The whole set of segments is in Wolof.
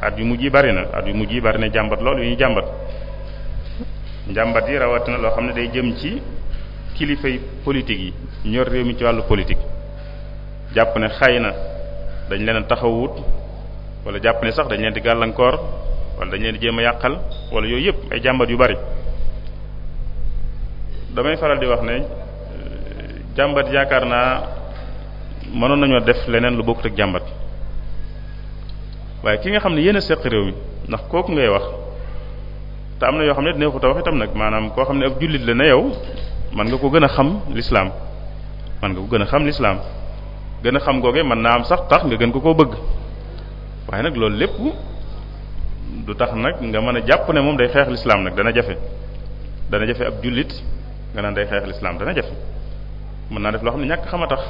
at yu mujj yi bari na at yu mujj yi bari na jàmbat lool yu ñuy jàmbat njàmbat yi rawatina loo xam ne day jëm ci kilifay politique yi ñor réew mi ci wàllu politique jàpp ne xay na dañ leen a taxawut wala jàpp ne sax dañ leen di gàllankoor wala dañ leen di a yàqal wala yooyu yëpp ay jàmbat yu bari damay faral di wax ne jàmbat yaakaar naa mënoon nañoo def leneen lu bokkut ak jàmbat waaye ki nga xam ne yéen seq réew mi ndax kooku ngay wax te am na yoo xam ne neexut a wax itam nag maanaam koo xam ne ab jullit la na yow man nga ko gën a xam lislaam nga ko gën a xam lislaam gën a xam googe mën naa am sax tax nga gën ko koo bëgg waaye nag loolu lépp du tax nag nga mën a jàpp ne moom day xeex lislaam nag dana jafe dana jafe ab jullit nga naan day xeex lislaam dana jafe mën naa def loo xam ne ñàkk xam a tax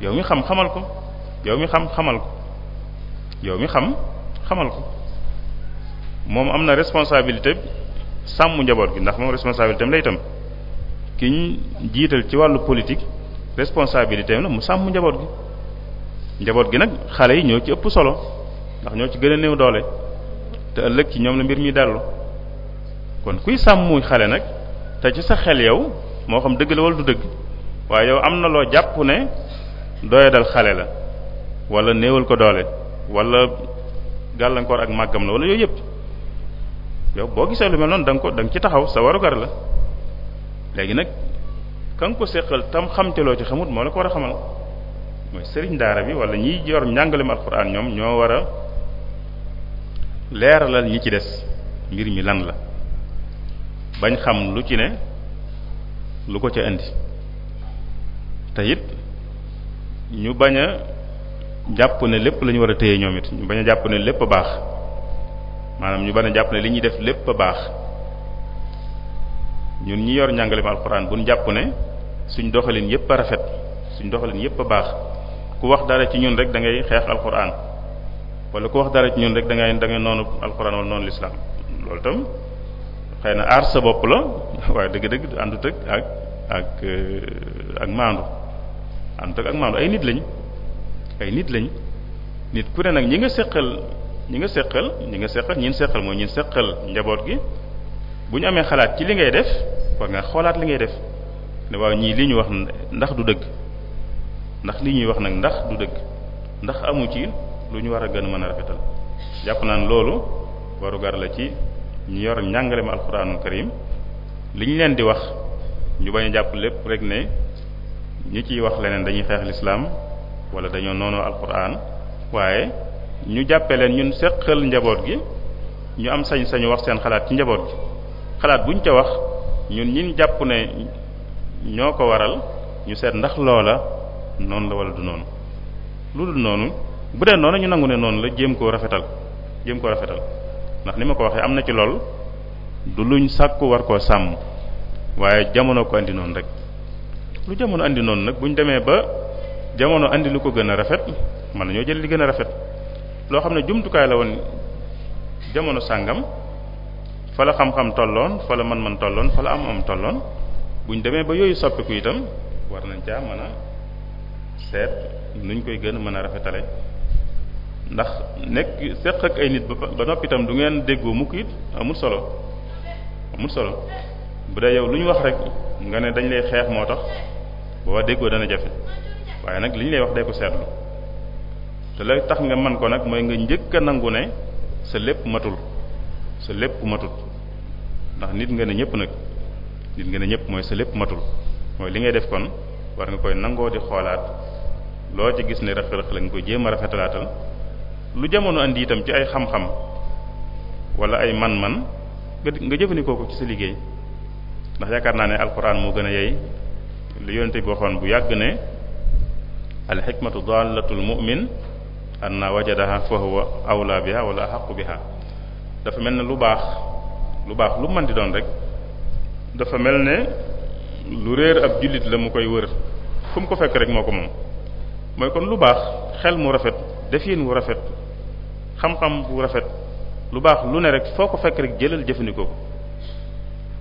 yow mi xam xamal ko yow mi xam xamal ko yow mi xam xamal ko moom am na responsabilité sàmm njaboot gi ndax moom responsabilité am la itam ki ñu jiital ci wàllu politique responsabilité am la mu sàmm njaboot gi njaboot gi nag xale yi ñoo ci ëpp solo ndax ñoo ci gën a néew doole te ëllëg ci ñoom la mbir mi dellu kon kuy sàmm muy xale nag te ci sa xel yow moo xam dëgg la wala du dëgg waaye yow am na loo jàpp ne doyadal xale la walla néewal ko doole wala gàllankoor ak màggam la wala yooyu yëpp yow boo gisee lu mel noonu da nga ko da ci taxaw sa warugar la léegi nag ka ko seqal tam xam ci xamut moo la ko war a xamal mooy sëriñ daara bi wala ñiy yor njàngalem alxuraan ñoom ñoo war a leeralal ñi ci des mbir mi lan la bañ xam lu ci ne lu ko ca indi te ñu baña jàpp ne lépp la ñu war a téye ñoom it ñu bañ a jàpp ne lépp a baax maanaam ñu bañ a jàpp ne li ñuy def lépp a baax ñun ñi yor njàngaleem alxuraan bu ñu jàpp ne suñ doxalin yépp a rafet suñ doxalin yépp a baax ku wax dara ci ñun rek da ngay xeex alxuraan wala ku wax dara ci ñun rek da ngay da ngay noonu alxuraan wala noonu lislaam loolu tam xëy na aar sa bopp la waaye dëgg-dëgg àndut ak ak ak euh, ak maandu àndut ak maandu ay nit lañ. ay nit lañ nit ku ne nag ñi nga seqal ñi nga seqal ñi nga seqal ñin seqal mooy ñin seqal njaboot gi bu ñu amee xalaat ci li ngay def war nga xoolaat li ngay def ne waaw ñii li ñu wax ndax du dëgg ndax li ñuy wax nag ndax du dëgg ndax amu ci lu ñu war a gën a mën a rafetal jàpp naan loolu warugar la ci ñu yor njàngale ma alxuraanul karim li ñu leen di wax ñu bañ a jàpp lépp rek ne ñu ciy wax leneen dañuy xeex lislaam wala dañoo noonoo alquran waaye ñu jàppee leen ñun seqal njaboot gi ñu am sañ-sañu wax seen xalaat ci njaboot gi xalaat buñ ca wax ñun ñin jàpp ne ñoo ko waral ñu seet ndax loola noonu la wala du noonu lu dul noonu bu dee noonu ñu nangu ne noonu la jéem koo rafetal jéem koo rafetal ndax ni ma ko waxee am na ci lool du luñ sàkku war koo sàmm waaye jamono ko indi noonu rek lu jamono andi noonu nag buñ demee ba. jamono indi lu ko gën a rafet mën ñoo jël li gën a rafet loo xam ne jumtukaay la woon jamono sàngam fa la xam-xam tolloon fa la mën-mën tolloon fa la am-am tolloon bu ñu demee ba yooyu soppiku itam war nañ caa mën a seet nuñ koy gën a mën a rafetale ndax nekk seq ak ay nit ba noppi itam du ngeen déggoo mukk it amul solo amul solo bu dee yow lu ñu wax rek nga ne dañ lay xeex moo tax boo déggoo dana jafe. waaye nag li ñu lay wax day ko seetlu te lay tax nga man ko nag mooy nga njëkk a nangu ne sa lépp matul sa lépp matut ndax nit nga ne ñëpp nag nit nga ne ñëpp mooy sa lépp matul mooy li ngay def kon war nga koy nangoo di xoolaat loo ci gis ne rëq-rëq la nga koy jéem a rafetalaatal lu jamono andi itam ci ay xam-xam wala ay man-man nga nga jëfandikoo ko ci sa liggéey ndax yaakaar naa ne alxuraan moo gën a yey li yonente bi waxoon bu yàgg ne alxikmatu dallatul mu'min anna wajadaha fa huwa awla biha wala axaqu biha dafa mel ne lu baax lu baax lu mën di doon rek dafa mel ne lu réer ab jullit la mu koy wër fu mu ko fekk rek moo ko moom mooy kon lu baax xel mu rafet defin wu rafet xam-xam bu rafet lu baax lu ne rek foo ko fekk rek jëlal jëfandikoo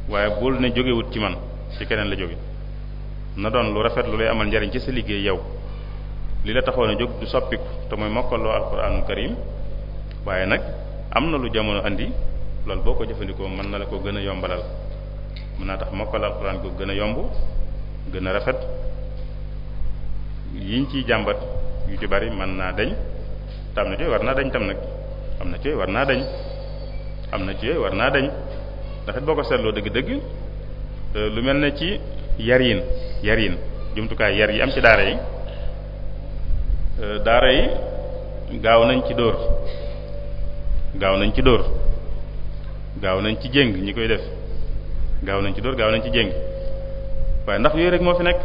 waaye bul ne jógewut ci man ci keneen la jóge na doon lu rafet lu lay amal njariñ ci sa liggéey yow lii la taxoon a jóg du soppiku te mooy mokkaloo alxuraanu karim waaye nag am na lu jamono indi loolu boo ko jëfandikoo mën na la ko gën a yombalal mën naa tax mokkal alxuraan ko gën a yomb gën a rafet yiñ ciy jàmbat yu ci bari man naa dañ te na ci war naa dañ tam nag am na ci war naa dañ am na ci war naa dañ ndax boo ko seetloo dëgg-dëgg lu mel ne ci yar yin yar jumtukaay yar yi am ci daara yi Euh, daara yi gaaw nañ ci dóor gaaw nañ ci dóor gaaw nañ ci jéng ñi koy def gaaw nañ ci dóor gaaw nañ ci jéng waaye ndax yooyu rek moo fi nekk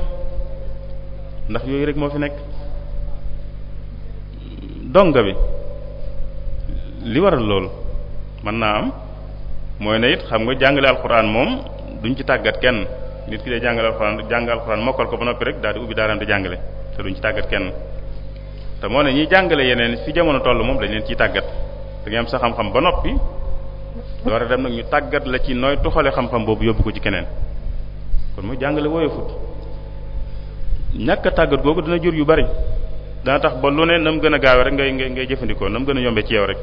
ndax yooyu rek moo fi nekk donga bi li waral loolu man naa am mooy na it xam nga jàngale alxuraan moom duñ ci tàggat kenn nit ki dee jàngale alxuraan jàng alxuraan mokkal ko ba noppi rek daal di ubbi daaraam di jàngale te duñ ci tàggat kenn te moo ne ñiy jàngale yeneen fi jamono toll moom dañ leen ciy tàggat da ngay am sa xam-xam ba noppi door a dem nag ñu tàggat la ci nooy tuxale xam-xam boobu yóbbu ko ci keneen kon mu jàngale woyofut ñàkk a tàggat googu dina jur yu bari dana tax ba lu ne na mu gën a gaawe rek ngay ngay ngay jëfandikoo na mu gën a yombee ci yow rek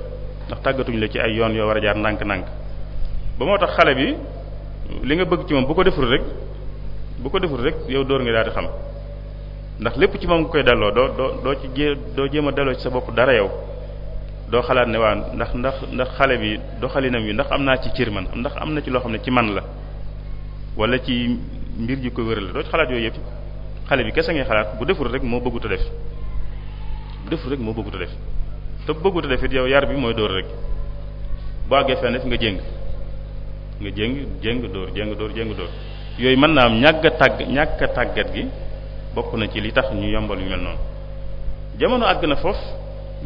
ndax tàggatuñ la ci ay yoon yoo war a jaar nànk nànk ba moo tax xale bi li nga bëgg ci moom bu ko deful rek bu ko deful rek yow dóor nga daal di xam ndax lépp ci moom nga koy delloo doo doo doo ci jé doo jéem a delloo ci sa bopp dara yow doo xalaat ne waa ndax ndax ndax xale bi doxalinam wi ndax am naa ci cër man ndax am na ci loo xam ne ci man la wala ci mbir ji ko wér la doo ci xalaat yooyu yëpp xale bi kese ngay xalaat bu deful rek moo bëggut a def deful rek moo bëggut a def te bëggut a def yow yar bi mooy dóor rek boo àggee fenn fi nga jéng nga jéng jéng dóor jéng dóor jéng dóor yooyu mën naa am ñàkk a tàgg ñàkk tàggat gi bokk na ci li tax ñu yombal yu mel noonu jamono àgg na foofu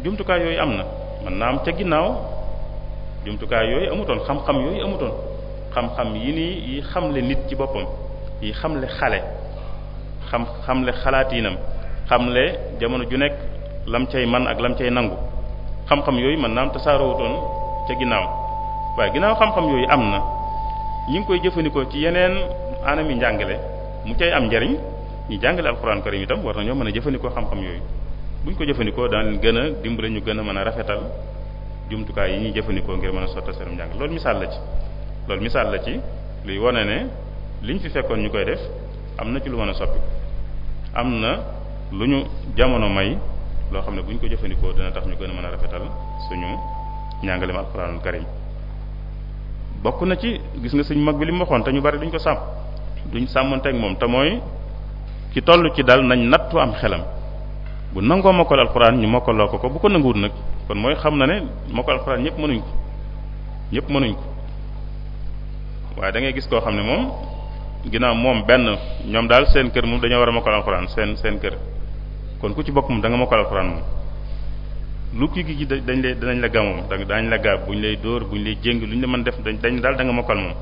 jumtukaay yooyu am na mën naa am ca ginnaaw jumtukaay yooyu amutoon xam-xam yooyu amutoon xam yi nii yi xamle nit ci boppam yi xam xamle xale xam xamle xalaatiinam xamle jamono ju nekk lam cay man ak lam cay nangu xam-xam yooyu mën naa am tasaaroowutoon ca ginnaaw waaye ginnaaw xam-xam yooyu am na ñi ngi koy jëfandikoo ci yeneen anami njàngale mu cay am njariñ ñu jàngale alxuraan karim itam war ñoo mën a jëfandikoo xam-xam yooyu bu ñu ko jëfandikoo daan gën a dimbale ñu gën a mën a rafetal jumtukaay yi ñuy jëfandikoo ngir mën a sotta seenum njàng loolu misaal la ci loolu misaal la ci luy wane ne liñ fi fekkoon ñu koy def am na ci lu mën a soppi am na lu ñu jamono may loo xam ne bu ñu ko jëfandikoo dana tax ñu gën a mën a rafetal suñu njàngaleem alxuraanul karim bokk na ci gis nga suñ mag bi li mu waxoon te ñu bari duñ ko sàmp sàmm duñ sàmmanteeg moom te mooy ki toll ci daal nañ nattu am xelam bu nangoo mokkal alquran ñu mokkaloo ko ko bu ko nanguwut nag kon mooy xam na ne mokkal alquran ñëpp mënuñ ko ñëpp mënuñ ko waaye da ngay gis koo xam ne moom ginnaaw moom benn ñoom daal seen kër moom dañoo war a mokkal alquran seen seen kër kon ku ci bokk moom da nga mokkal alquran moom lu kii gi dañ lay danañ la gamoom da daañ la gaab bu ñu lay dóor bu ñu jéng lu ñu mën def dañ daal da nga mokkal moom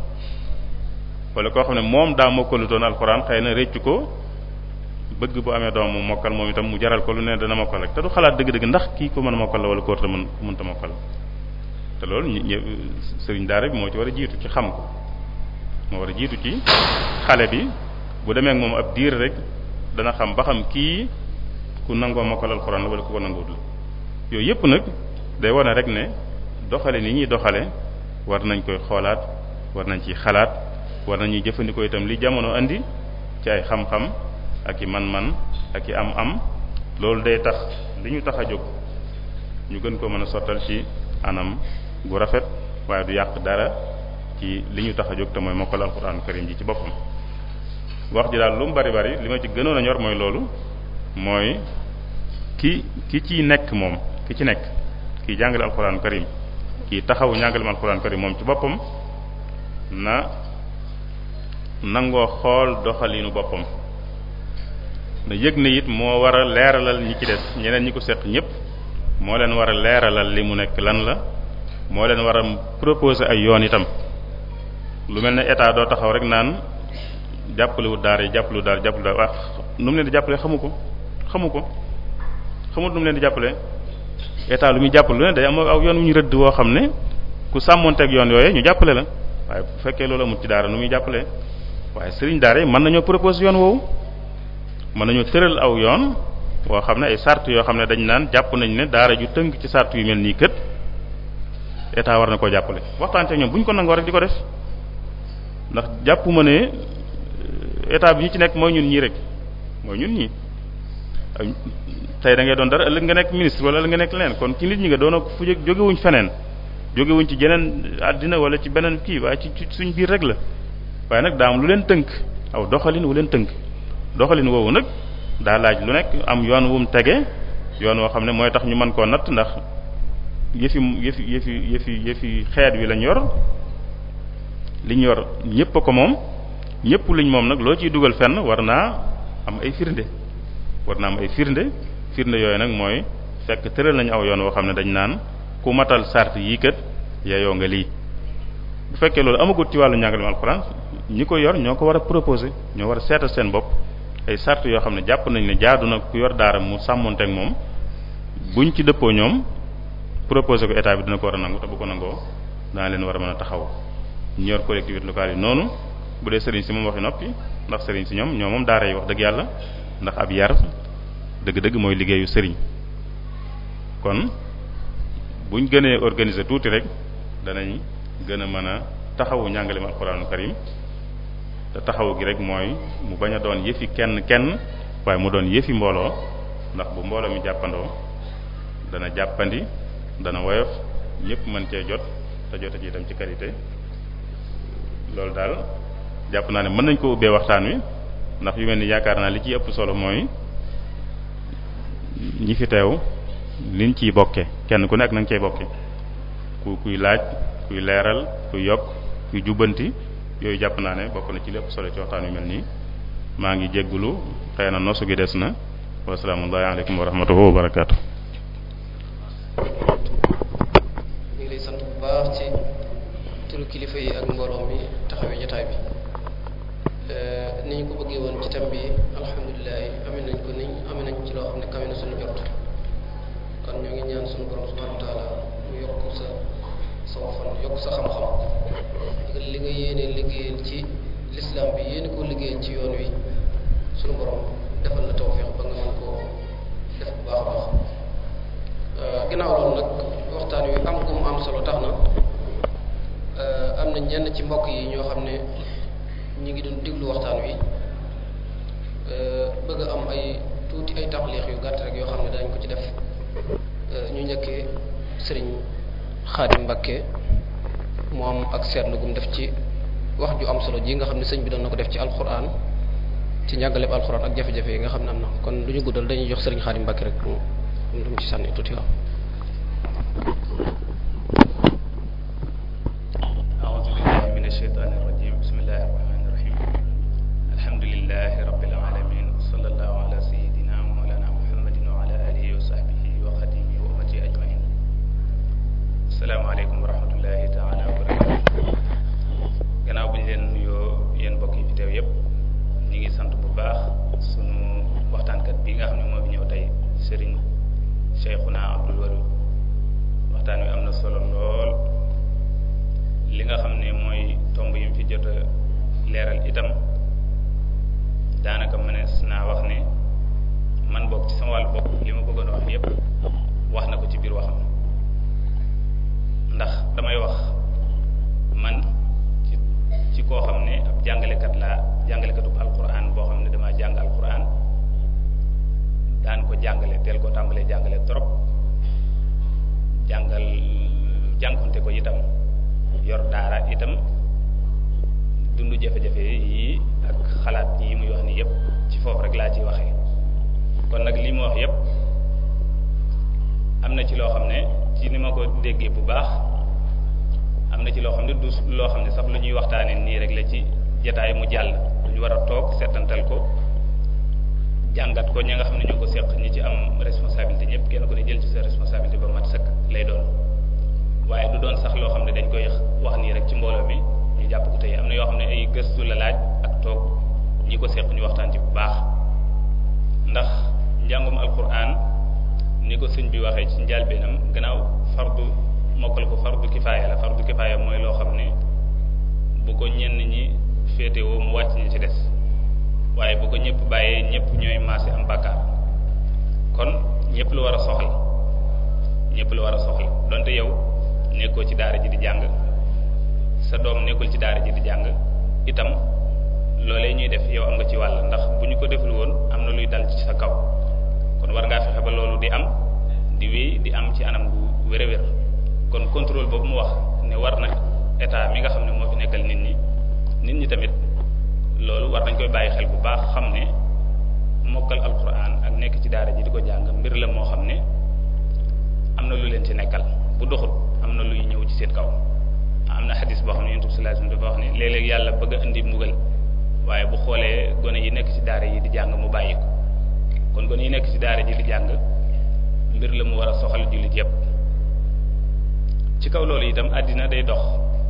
wala koo xam ne moom daa mokkalutoon alquran xëy na réccu ko bëgg bu amee doom mu mokkal moom itam mu jaral ko lu ne dana mokkal rek te du xalaat dëgg-dëgg ndax kii ko mën a mokkal la wala kóorta mën mënta mokkal te loolu sëriñ daara bi moo ci war a jiitu ci xam ko war a jiitu ci xale bi bu demee moom ab diir rek dana xam ba xam kii ku nangoo mokkal alxuraan la wala ko nanguwut la yooyu yëpp nag day wane rek ne doxale ni ñuy doxale war nañ koy xoolaat war nañ ciy xalaat war nañuy jëfandikoo itam li jamono indi ci ay xam-xam ak i man-man ak i am-am loolu day tax li ñu tax a jóg ñu gën koo mën a sottal ci anam gu rafet waaye du yàq dara ci li ñu tax a jóg te mooy mokkal alxuraanu karim ji ci boppam. wax ji daal lu bari bari li ma ci gënoon a ñor mooy loolu mooy ki ki ci nekk moom ki ci nekk ki jàngale alxuraanu karim kii taxawu njàngalem alxuraanu karim moom ci boppam na nangoo xool doxalinu boppam. na yëg na it moo war leeralal ñi ci des ñeneen ñi ko seq ñëpp moo leen war a leeralal li mu nekk lan la moo leen war a proposer ay yoon itam lu mel ne état doo taxaw rek naan jàppalewut daar yi jàppalewut daara jàppalewut daara wax nu leen di jàppale xamu ko xamu ko xamut nu mu leen di jàppale état lu muy jàppale day am aw yoon wu ñu rëdd woo xam ne ku sàmmoonteeg yoon yooyu ñu jàppale la waaye bu fekkee loolu amut ci daara nu muy jàppale waaye sëriñ daara yi mën nañoo proposer yoon woowu mën nañoo tëral aw yoon woo xam ne ay sart yoo xam ne dañ naan jàpp nañ ne daara ju tënk ci sart yu mel nii kët état war na koo jàppale waxtaan ak ñoom bu ñu ko nangoo rek di ko def ndax jàpp ma ne euh, état bi ñu ci nekk mooy ñun ñii rek mooy ñun ñii tey da ngay doon dara ëllëg nga nekk ministre wala ëllëg nga nekk leen kon ci nit ñi nga doon fu jógewuñ feneen jógewuñ ci jeneen àddina wala ci beneen kii waaye ci suñ biir rek la waaye nag daam lu leen tënk aw doxalin wu leen tënk doxalin woowu nag daa laaj lu nekk am yoon wum tege yoon woo xam ne mooy tax ñu man koo natt ndax yëfi yëfi yëfi yëfi yëfi xeet wi lañ yor liñ yor ñépp a ko moom ñépp liñ moom nag loo ciy dugal fenn war naa am ay firnde war naa am ay firnde firnde yooyu nag mooy fekk tëral nañu aw yoon woo xam ne dañ naan ku matal sart yii kat yeyoo nga lii bu fekkee loolu amagut ci wàllu njàngaleem alxuraan ñi ko yor ñoo ko war a proposé ñoo war a seetal seen bopp ay sart yoo xam ne jàpp nañ ne jaadu na ku yor daara mu sàmmoon sàmmonteeg moom buñ ci dëppoo ñoom propose ko état bi dina ko war a nangu te bu ko nangoo dana leen war a mën a taxaw ñor yor collectivité locale yi noonu bu dee sëriñ si moom waxi noppi ndax sëriñ si ñoom ñoo moom daara yi wax dëgg yàlla ndax ab yar dëgg-dëgg mooy liggéeyu sëriñ kon buñ gënee organiser tuuti rek danañ gën a mën a taxawu njàngaleem alxuraanu karim te taxaw gi rek mooy mu bañ a doon yëfi kenn kenn waaye mu doon yëfi mbooloo ndax bu mbooloo mi jàppandoo dana jàppandi dana woyof ñëpp mën cee jot te jote ji itam ci qualité loolu daal jàpp naa ne mën nañ ko ubbee waxtaan wi ndax yu mel ni yaakaar naa li ciy ëpp solo mooy ñi fi teew liñ ciy bokke kenn ku nekk na nga cey bokke ku kuy laaj kuy leeral kuy yokk kuy jubbanti yooyu jàpp naa ne bokk na ci lépp solo ci waxtaan yu mel nii maa ngi jéggulu xëy na nosu gi des na wa salaamu aleykum wa rahmatullahi barakaatu. ngi lay sant bu baax ci turu kilifa yi ak mbooloo mi taxawee jotaay bi euh, ni ñu ko bëggee woon ci bi alhamdulilah amee nañ ko niñ amee nañ ci loo xam ne kawe na suñu jot kon ñoo ngi ñaan suñu borom subhanahu wa taala yokk sa sa waxoon yokk sa xam-xam. li nga yéene liggéeyal ci lislaam bi yéene koo liggéeyal ci yoon wi suñu boroom defal na tawfeex ba nga mën koo def bu baax a baax euh, ginnaaw loolu nag waxtaan wi am ku mu am solo tax na euh, am na ñenn ci mbokk yi ñoo xam ne ñu ngi doon diglu waxtaan wi euh, bëgg am ay tuuti ay taxliix yu gàtt rek yoo xam ne dañ ko ci def ñu njëkkee sëriñ Xaadim Mbakke moom ak seetlu gum def ci wax ju am solo ji nga xam ne sëñ bi doon na ko def ci alxuraan ci njàngaleeb alxuraan ak jafe-jafe yi nga xam ne am na kon du ñu guddal dañuy jox sëriñ Xaadim Mbàkke rek mu lu mu ci sànni tuuti waaw jàngal jànkonte ko itam yor daara itam dund jafe-jafe yi ak xalaat yi muy wax ni yépp ci foofu rek laa ciy waxe kon nag lii mu wax yépp am na ci loo xam ne ci ni ma ko déggee bu baax am na ci loo xam ne du loo xam ne sax lu ñuy waxtaanee nii rek la ci jataay mu jàll lu ñu war a toog setantal ko jàngat ko ña nga xam ne ñoo ko seq ñi ci am responsabilité ñëpp kenn ko ne jël ci sa responsabilité ba mat sëkk lay doon waaye du doon sax loo xam ne dañ koy wax nii rek ci mbooloo mi ñu jàpp ko tey am na yoo xam ne ay gëstu la laaj ak toog ñi ko seq ñu waxtaan ci bu baax ndax njàngum alquran ni ko sëñ bi waxee ci njaal bi njàlbeenam gannaaw fardu mokkal ko fardu kifaaya la fardu kifaaya mooy loo xam ne bu ko ñenn ñi féetewoo mu wàcc ñi ci des waaye boo ko ñëpp bàyyee ñëpp ñooy maase am bàkkaar kon ñëpp lu war a soxla ñëpp lu war a soxla donte yow nekkoo ci daara ji di jàng sa doom nekkul ci daara ji di jàng itam loolee ñuy def yow am nga ci wàll ndax bu ñu ko deful woon am na luy dal ci sa kaw kon war ngaa fexe ba loolu di am di wéy di am ci anam bu wér wér kon contrôle boobu mu wax ne war na état mi nga xam ne moo fi nekkal nit ñi nit ñi tamit. loolu war nañ koy bàyyi xel bu baax xam ne mokkal alquran ak nekk ci daara ji di ko jàng mbir la moo xam ne am na lu leen ci nekkal bu doxul am na luy ñëw ci seen kaw am na xadis boo xam ne yonent bi sallallahu alayhi wasallam dafa wax ne yàlla bëgg a indi mbugal waaye bu xoolee gone yi nekk ci daara yi di jàng mu bàyyi kon gone yi nekk ci daara ji di jàng mbir la mu war a soxal jullit yépp ci kaw loolu itam àddina day dox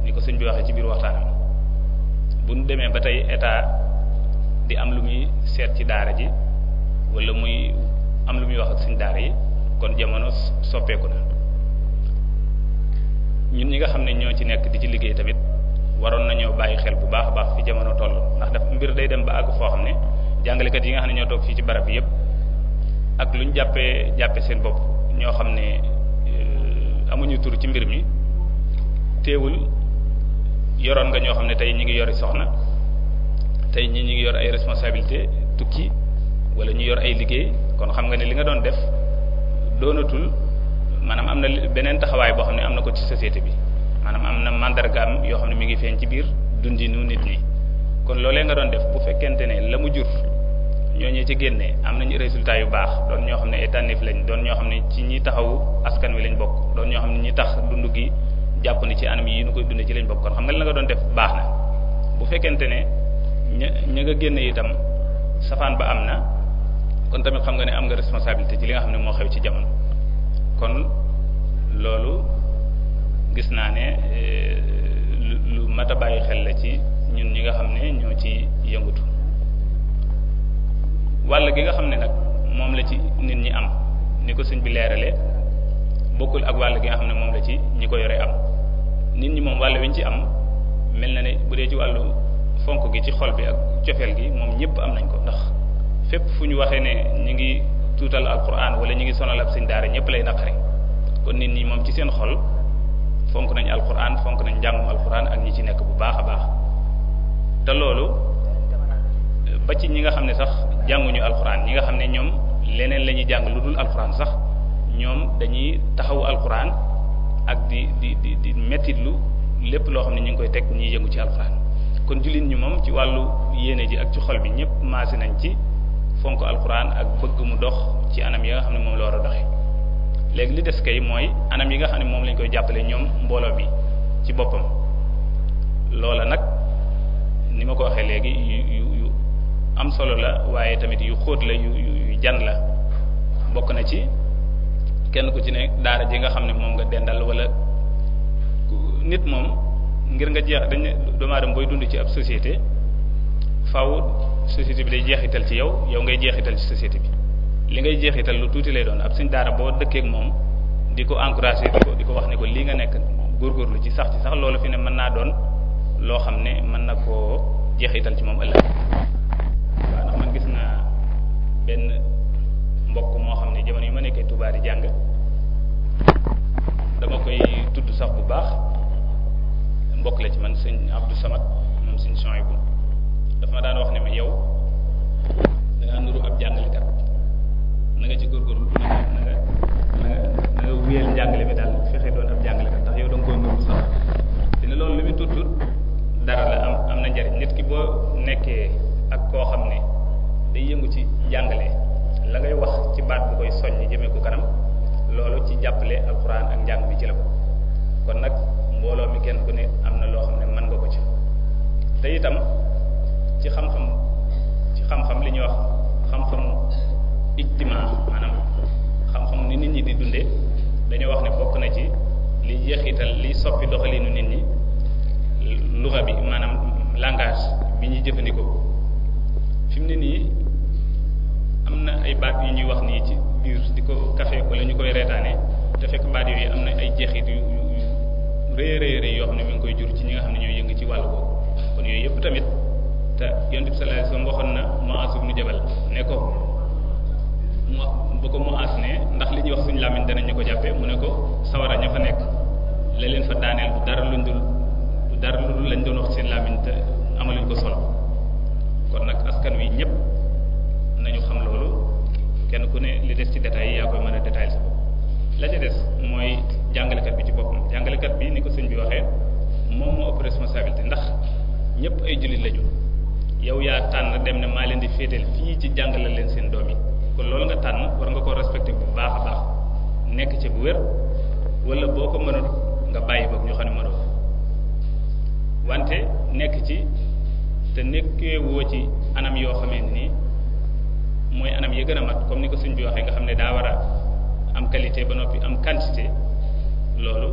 ni ko sëñ bi waxee ci biir waxtaanam bu ñu demee ba tey état di am lu muy seet ci daara ji wala muy am lu muy wax ak suñ daara yi kon jamono soppeeku na ñun ñi nga xam ne ñoo ci nekk di ci liggéey tamit waroon na nañoo bàyyi xel bu baax a baax fi jamono toll ndax daf mbir day dem ba àgg foo xam ne jàngalekat yi nga xam ne ñoo toog fii ci barab yépp ak lu ñu jàppee jàppe seen bopp ñoo xam ne euh, amuñu tur ci mbir mi teewul yoroon nga ñoo xam ne tey ñi ngi yori soxna tey ñi ñi ngi yor ay responsabilité tukki wala ñu yor ay liggéey kon xam nga ne li nga doon def doonatul maanaam am na beneen taxawaay boo xam ne am na ko ci société bi maanaam am na mandargaam yoo xam ne mi ngi feeñ ci biir dundinu nit ñi kon loolee nga doon def bu fekkente ne la mu jur ñoo ñooñu ci génnee am nañu résultat yu baax doon ñoo xam ne ay tànneef lañ doon ñoo xam ne ci ñi taxawu askan wi lañ bokk ñoo xam ne ñi tax dund gi jàpp ni ci anam yi ñu koy dunde ci lañ bokk kon xam nga la nga doon def baax na bu fekkente ne ña ña nga génn itam safaan ba am na kon tamit xam nga ne am nga responsabilité ci li nga xam ne moo xew ci jamono kon loolu gis naa ne eh, lu mat a bàyyi xel la ci ñun ñi nga xam ne ñoo ci yëngutu wàll gi nga xam ne nag moom la ci nit ñi am ni ko sëñ bi leerale bokkul ak wàll gi nga xam ne moom la ci ñi ko yore am nit ñi moom wàll wi ñu ci am mel na ne bu dee ci wàllu fonk gi ci xol bi ak cofeel gi moom ñëpp am nañ ko ndax fépp fu ñu waxee ne ñu ngi tuutal alquran wala ñu ngi sonal ab seen daara ñëpp lay naqari kon nit ñi moom ci seen xol fonk nañ alquran fonk nañ njàngum alquran ak ñi ci nekk bu baax a baax te loolu ba ci ñi nga xam ne sax jànguñu alquran ñi nga xam ne ñoom leneen la ñuy jàng lu dul alquran sax ñoom dañuy taxawu alquran. ak di di di di mettitlu lépp loo xam ne ñu ngi koy teg ñiy yëngu ci alxuraan kon jullit ñi moom ci wàllu yéene ji ak ci xol bi ñëpp maasi nañ ci fonk alxuraan ak bëgg mu dox ci anam yi nga xam ne moom la war a doxe léegi li des kay mooy anam yi nga xam ne moom lañ koy jàppale ñoom mbooloo mi ci boppam loola nag ni ma ko waxee léegi yu yu am solo la waaye tamit yu xóot la yu yu jan la bokk na ci kenn ku ci ne daara ji nga xam ne moom nga dendal wala nit moom ngir nga jeex dañ doomaa dem booy dund ci ab société faw société bi day jeexital ci yow yow ngay jeexital ci société bi li ngay jeexital lu tuuti lay doon ab suñ daara boo dëkkeek moom di ko encourager di ko di ko wax ne ko lii nga nekk góorgóorlu ci sax ci sax loolu fi ne mën naa doon loo xam ne mën na koo jeexital ci moom ëllëg mbokk moo xam ne jamono yi ma nekkee Touba di jàng dama koy tudd sax bu baax mbokk la ci man sëñ Abdou Samad moom sëñ Soyibu dafa ma daan wax ne ma yow da nuru ab jàngalekat na nga ci góorgóorlu na nga na nga na nga njàngale mi daal fexe doon ab jàngalekat ndax yow da nga koo nuru sax te loolu li muy tudd tudd dara la am am na njariñ nit ki boo nekkee ak koo xam ne day yëngu ci jàngale. la ngay wax ci baat bu koy soññ jëmee ko kanam loolu ci jàppale alxuraan ak njàng bi ci la ko kon nag mbooloo mi kenn ku ne am na loo xam ne mën nga ko ci day itam ci xam-xam ci xam-xam li ñuy wax xam-xamu ijtimaa maanaam xam-xam ni nit ñi di dundee dañoo wax ne bokk na ci li jeexital li soppi doxalinu nit ñi luga bi maanaam langage bi ñuy jëfandikoo fi mu ne am na ay baat yu ñuy wax nii ci biir di ko kafe wala ñu koy reetaanee te fekk baat yooyu am na ay jeexit yu rëy rëy rëy yoo xam ne mi ngi koy jur ci ñi nga xam ne ñooy yëngu ci wàllu boobu yooyu yëpp tamit te yonent bi sallallahu na Mu'aaz ibnu Jabal ne ko mu bu ko ndax li ñuy wax suñu làmmiñ danañ ñu ko jàppee mu ne ko sawara ña fa nekk la leen fa daaneel du dara luñ dul du dara lu lañ doon wax seen làmmiñ te amaluñ ko solo kon nag askan wii ñëpp. nañu xam loolu kenn ku ne li des ci détails yi yaa koy mën a détail sa bopp la ca des mooy jàngalekat bi ci boppam jàngalekat bi ni ko sëñ bi waxee moom moo ëpp responsabilité ndax ñëpp ay jullit lañu yow yaa tànn dem ne maa leen di féetal fii ci jàngale leen seen doom yi kon loolu nga tànn war nga koo respecté bu baax a baax nekk ci bu wér wala boo ko mënul nga bàyyi boog ñu xam ne mënul wante nekk ci te nekkee woo ci anam yoo xamee nii mooy anam ya gën a mat comme ni ko suñ bi waxee nga xam ne daa war a am qualité ba noppi am quantité loolu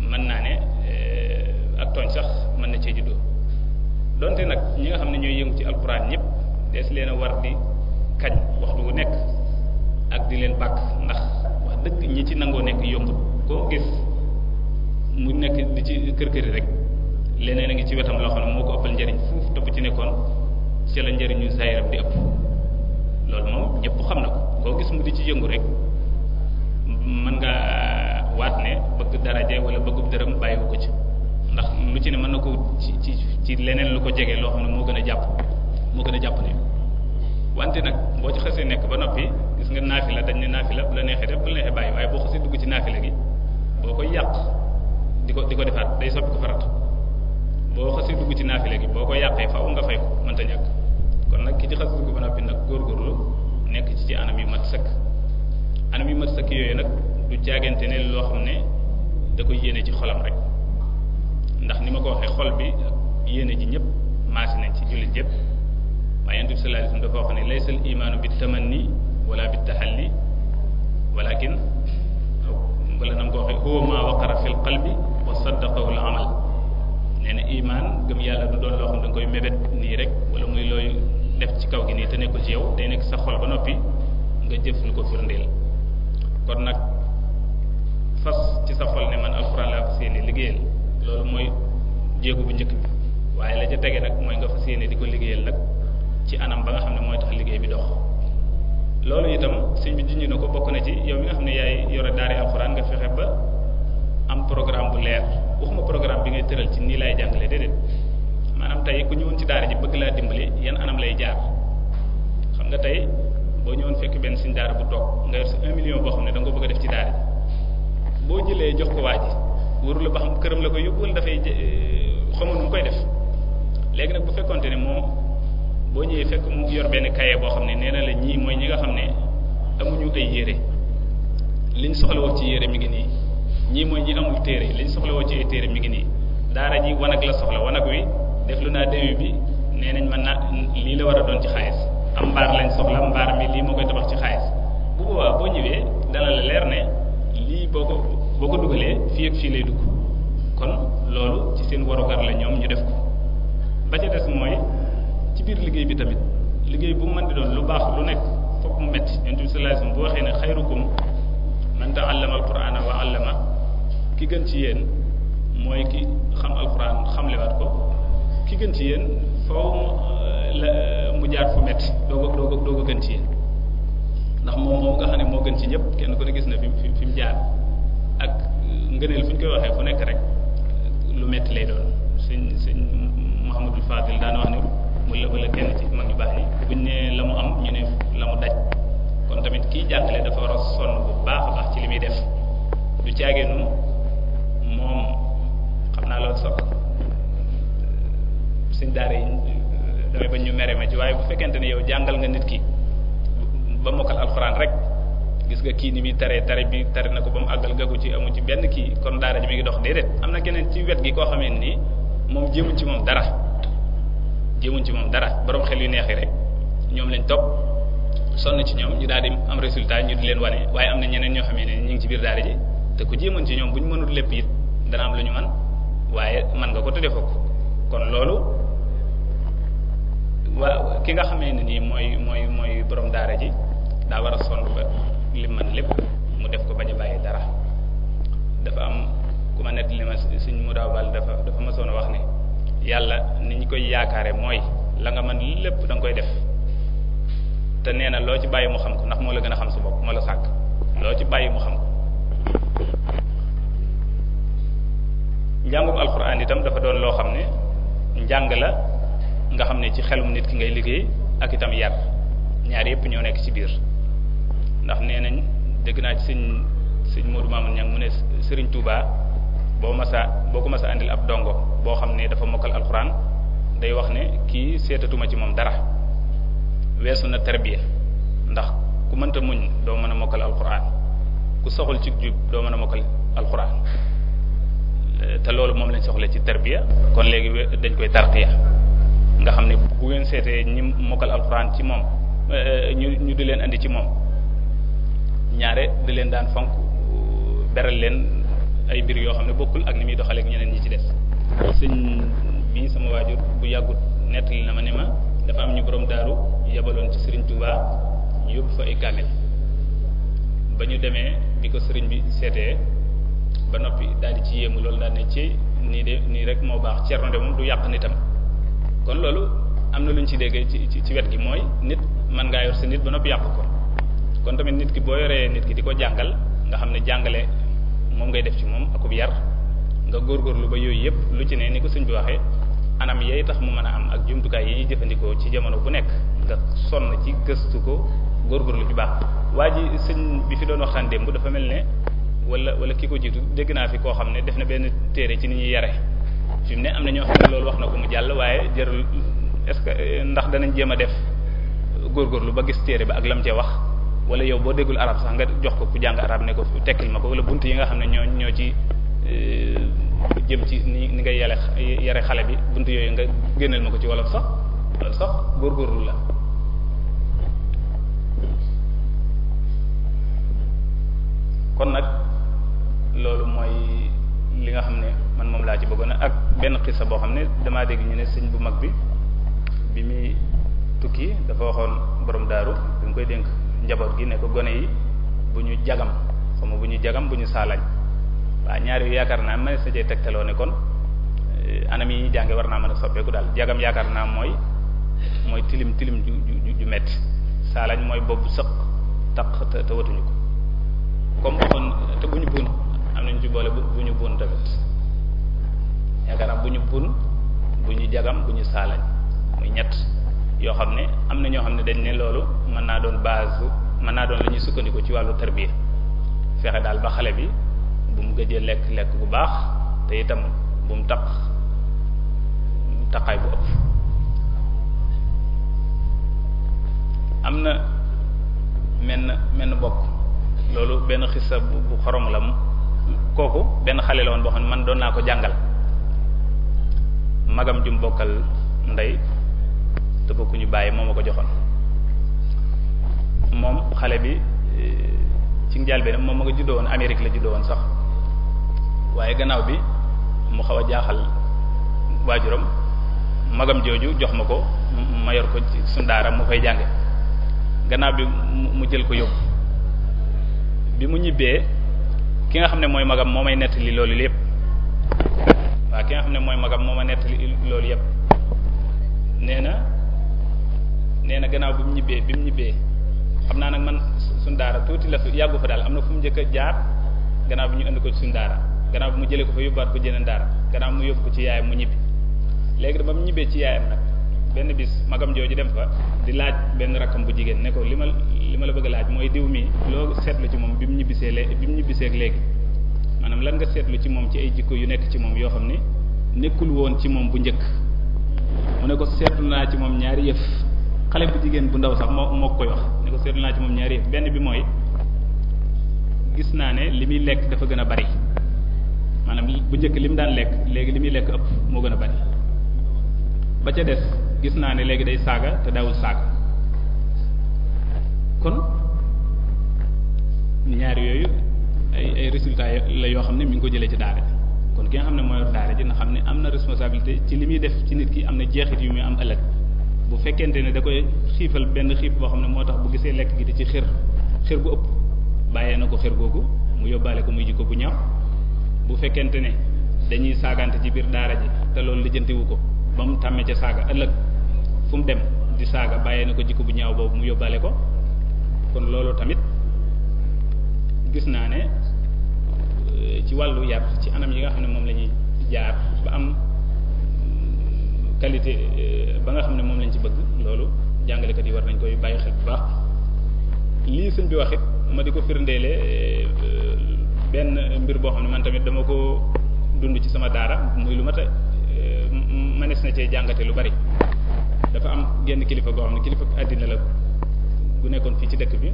mën naa ne eh, ak tooñ sax mën na cee juddoo donte nag ñi nga xam ne ñooy yëngu ci alpuraan ñëpp des leen a war di kañ waxtu wu nekk ak di leen bàkk ndax wax dëgg ñi ci nangoo nekk yombut koo gis mu nekk di ci kër këri rek leneen a ngi ci wetam loo xam moo ko ëppal njëriñ fuuf te bu ci nekkoon ci la njëriñu saayiram di ëpp loolu moom yépp xam na ko koo gis mu di ci yëngu rek mën nga waat ne bëgg daraje wala bëggub dërëm bàyyiwu ko ci ndax lu ci ne mën na ko ci ci ci leneen ko jege loo moo gën a jàpp moo gën a jàpp ne wante nag boo ci xasee nekk ba noppi gis nga naafila dañ ne naafila bu la neexee def bu la neexee bàyyi waaye boo xasee dugg ci naafila gi boo koy yàq di ko di ko defaat day soppi ko farat boo xasee dugg ci naafila gi boo ko yàqee faaw nga fay ko mënta ñàkk kon nag ki ci xas dugg ba noppi nag góorgóorlu nekk ci ci anam yu mat sëkk anam yu mat sëkk yooyu nag du jàggante ne loo xam ne da ko yéene ci xolam rek ndax ni ma ko waxee xol bi yéene ji ñëpp maasi ci jullit yëpp waaye yonent bi sallallahu alayhi wasallam dafa wax ne laysa al imaanu bi tamanni ni bi tahalli walakin na ma ko waxee huwa ma waqara fi l qalbi wa amal nee imaan gëm yàlla du doon loo xam da nga koy mébét nii rek wala muy looy def ci kaw gi nii te nekkul ci yow day nekk sa xol ba noppi nga jëf lu ko firndeel kon nag fas ci sa xol ne man alxuraan laa fas yéene liggéeyal loolu mooy jéego bu njëkk bi waaye la ca tege nag mooy nga fas yéene di ko liggéeyal nag ci anam ba nga xam ne mooy tax liggéey bi dox loolu itam sëñ bi junj na ko bokk na ci yow mi nga xam ne yaay yore daara alxuraan nga fexe ba am programme bu leer waxuma programme bi ngay tëral ci nii laay jàngale déedéet maanaam tey ku ñëwoon ci daara ji bëgg laa dimbali yan anam lay jaar xam nga tey boo ñëwoon fekk benn suñ daara bu toog nga yor si un million boo xam ne danga nga bëgg a def ci daara ji boo jëlee jox ko waa ji la ba xam këram la ko yóbbu wala dafay eh, xamul nu mu koy def léegi nag bu fekkonte ne moom boo ñëwee fekk yor benn cahier boo xam ne nee na la ñii mooy ñi nga xam ne amuñu ay yére liñ soxlawoo ci yére mi ngi nii ñii mooy ñi amul téere liñ soxlawoo ci téere mi ngi nii daara ji wanag la soxla wanag wi déglu naa début bi nee nañ man naa lii la war a doon ci xaalis am mbaar lañ soxla mbaar mi lii moo koy tabax ci xaalis bu boobaa boo ñëwee dana la leer ne lii boo ko boo ko dugalee fii ak fii lay dugg kon loolu ci seen warugar la ñoom ñu def ko ba ca des mooy ci biir liggéey bi tamit liggéey bu mën di doon lu baax lu nekk fokk mu métti yonent bi sallallahu alayhi bu waxee ne xayrukum man ta'allama alqur'ana wa 'allama ki gën ci yéen mooy ki xam alquran xamlewaat ko ki gën ci yéen faw euh, euh, mu jaar fu metti doo ko doo ko ko gën ci yéen ndax moom moom nga xam ne moo gën ci ñëpp kenn ku ne gis na fi mu mu jaar ak euh, ngëneel fu ñu koy waxee fu nekk rek lu metti lay doon sëñ sëñ Mouhamadul Fadil daana wax ne mu la baax yi buñ mu am ñu la mu daj kon tamit kiy jàngale dafa war a sonn bu baax a ci li muy def du caageenu moom xam naa loolu sopp suñ daara yi ba ñu mere ma ci waaye bu fekkente ne yow jàngal nga nit ki ba mokkal alxuraan rek gis nga kii ni muy taree tare bi tare na ko ba mu àggal gagu ci amu ci benn kii kon daara ji mi ngi dox déedéet am na keneen ci wet gi koo xamee ni moom jéemuñ ci moom dara jéemuñ ci moom dara borom xel yu neexi rek ñoom lañ topp sonn ci ñoom ñu daal di am résultat ñu di leen wane waaye am na ñeneen ñoo xamee ne ñu ngi ci biir daara ji te ku jéemoon ci ñoom bu mënul lépp it dana am lu ñu man waaye man nga ko te defoo waa ki nga xamee ni nii mooy mooy mooy borom daara ji daa war a sonn ba li man lépp mu def ko bañ a bàyyi dara dafa am ku ma nett li ma suñ mu daawbal dafa dafa ma soon a wax ni yàlla ni ñu koy yaakaare mooy la nga man lépp danga koy def te nee na loo ci bàyyi mu xam ko ndax moo la gën a xam sa bopp moo la sàkk loo ci bàyyi mu xam ko njàngum alxuraan itam dafa doon loo xam ne njàng la nga xam ne ci xelum nit ki ngay liggéey ak itam yar ñaar yëpp ñoo nekk ci biir ndax nee nañ dëgg naa ci sëñ sëñ Modou Mamoun Niang mu ne Serigne Touba boo masa boo ko masa andil ab dongo boo xam ne dafa mokkal alxuraan day wax ne kii seetatuma ci moom dara weesu na tarbiya ndax ku mënta muñ doo mën a mokkal alxuraan ku soxal ci jub doo mën a mokkal alxuraan te loolu moom lañ soxla ci tarbiya kon léegi dañ koy tarqiya nga xam ne bu ngeen seetee ñi mokkal alxuraan ci moom eh, ñu ñu di leen indi ci moom ñaare di leen daan fonk beral leen ay mbir yoo xam ne bokkul ak ni muy doxaleek ñeneen ñi ci des sëñ bi sama waajur bu yàggut nettali na ma ne ma dafa am ñu boroom daaru yebaloon ci Serigne Touba yóbbu fa ay ba ñu demee bi ko sëriñ bi seetee ba noppi daal di ci yéemu loolu daal ne ci nii de nii rek moo baax cerno de moom du yàq nitam kon loolu am na lu ñu ci déggee ci ci wet gi mooy nit mën ngaa yor sa nit ba noppi yàq ko kon tamit nit ki boo yoree nit ki di ko jàngal nga xam ne jàngale moom ngay def ci moom akub yar nga lu ba yooyu yépp lu ci ne ni ko sëñ bi waxee anam yey tax mu mën a am ak jumtukaay yi ñuy jëfandikoo ci jamono bu nekk nga sonn ci gëstu ko góor góor lu ci baax waa ji sëñ bi fi doon waxtaan démb dafa mel ne wala wala ki ko jiitu dégg naa fi koo xam ne def na benn téere ci ni ñuy yare fi mu ne am na ñoo xam ne loolu wax na ko mu jàll waaye jërul est-ce que euh, ndax danañ jéem a def euh, góorgóorlu ba gis téere bi ak lam cee wax wala yow boo déggul arab sax nga jox ko ku jàng arab ne ko tekkil ma ko wala bunt yi nga xam ne ñoo ñoo ci euh, jëm ci ni ni nga yare yare xale bi bunt yooyu nga génneel ma ko ci wolof sax loolu sax góorgóorlu la kon nag loolu mooy li nga xam ne man moom laa ci bëggoon ak benn xisa boo xam ne damaa dégg ñu ne sëñ bu mag bi bi muy tukki dafa waxoon borom daaru bi mu koy dénk njaboot gi ne ko gone yi bu ñu jagam xama bu ñu jagam bu ñu saalañ waa ñaar yu yaakaar naa ma sa jee tegtaloo ne kon eh, anam yi ñuy jànge war naa mën a daal jagam yaakaar naa mooy mooy tilim tilim ju ju metti saalañ mooy boobu sëq taq te te watuñu ko comme waxoon te bu ñu buun am nañ ci boole bu ñu buun tamit yaakaar bu ñu bun bu ñu jagam bu ñu saalañ muy ñett yoo xam ne am na ñoo xam ne dañ ne loolu mën naa doon base mën naa doon la ñuy sukkandiku ci wàllu tarbiya fexe daal ba xale bi bu mu gëjee lekk lekk bu baax te itam bu mu taq taqaay bu ëpp am na menn menn bokk loolu benn xisa bu xoromu la mu kooku benn xale la boo xam ne man doon naa ko jàngal magam jum bokkal ndey te bokkuñu bàyyi moom ma ko joxoon moom xale bi eh, ci njaal bi moom ma nga juddoo woon Amérique la juddoo woon sax waaye gannaaw bi mu xaw a jaaxal waajuram magam jooju jox ma ko ma ko ci sundaara mu fay jànge gannaaw bi mu jël ko yóbbu bi mu ñibbee ki nga xam ne mooy magam moo may nettali loolu lépp waa ki xam ne mooy magam moo ma nettali loolu yépp nee na nee na gannaaw bi mu ñibbee bi mu ñibbee xam naa nag man suñ daara tuuti la fi yàggu fa daal am na fu mu njëkk a jaar gannaaw bi ñu indi ko ci suñ daara gannaaw bi mu jëlee ko fa yóbbaat ko jeneen daara gannaaw mu yóbbu ko ci yaayam mu ñibbi léegi ba mu ñibbee ci yaayam nag benn bis magam jooju dem fa di laaj benn rakkam bu jigéen ne ko li ma li ma la bëgg laaj mooy diw mi loo seetlu ci moom bi mu ñibbisee léegi bi mu ñibbisee léegi maanaam lan nga seetlu ci moom ci ay jikko yu nekk ci moom yoo xam ne nekkul woon ci moom bu njëkk mu ne ko seetlu naa ci moom ñaari yëf xale bu jigéen bu ndaw sax moo moo koy wax ne ko seetlu naa ci moom ñaari benn bi mooy gis naa ne li muy lekk dafa gën a bari maanaam bu njëkk li mu daan lekk léegi li muy lekk ëpp moo gën a bari ba ca des gis naa ne léegi day saaga te daawul saaga kon ñaar yooyu ay ay résultats la yoo xam ne mi ngi ko jëlee ci daara kon ki nga xam ne mooy daara ji na xam ne am na responsabilité ci li muy def ci nit ki am na jeexit yu muy am ëllëg bu fekkente ne da koy xiifal benn xiif boo xam ne moo tax bu gisee lekk gi di ci xir xir gu ëpp bàyyee na ko xir googu mu yóbbaale ko muy jikko bu ñaaw bu fekkente ne dañuy saagante ci biir daara ji te loolu lijjantiwu ko ba mu tàmmee ca saaga ëllëg fu mu dem di saaga bàyyee na ko jikko bu ñaaw boobu mu yóbbaale ko kon loolu tamit gis naa ne euh, ci wàllu yar ci anam yi nga xam ne moom la ñuy jaar ba am mm, qualité euh, ba nga xam ne moom lañ ci bëgg loolu jàngalekat yi war nañ koy bàyyi xel bu baax lii sëñ bi wax ma di ko firndeelee euh, benn mbir boo xam ne man tamit dama ko dund ci sama daara muy lu mat a mënees na cee jàngate lu bari dafa am genn kilifa goo xam ne kilifa àddina la gu nekkoon fii ci dëkk bi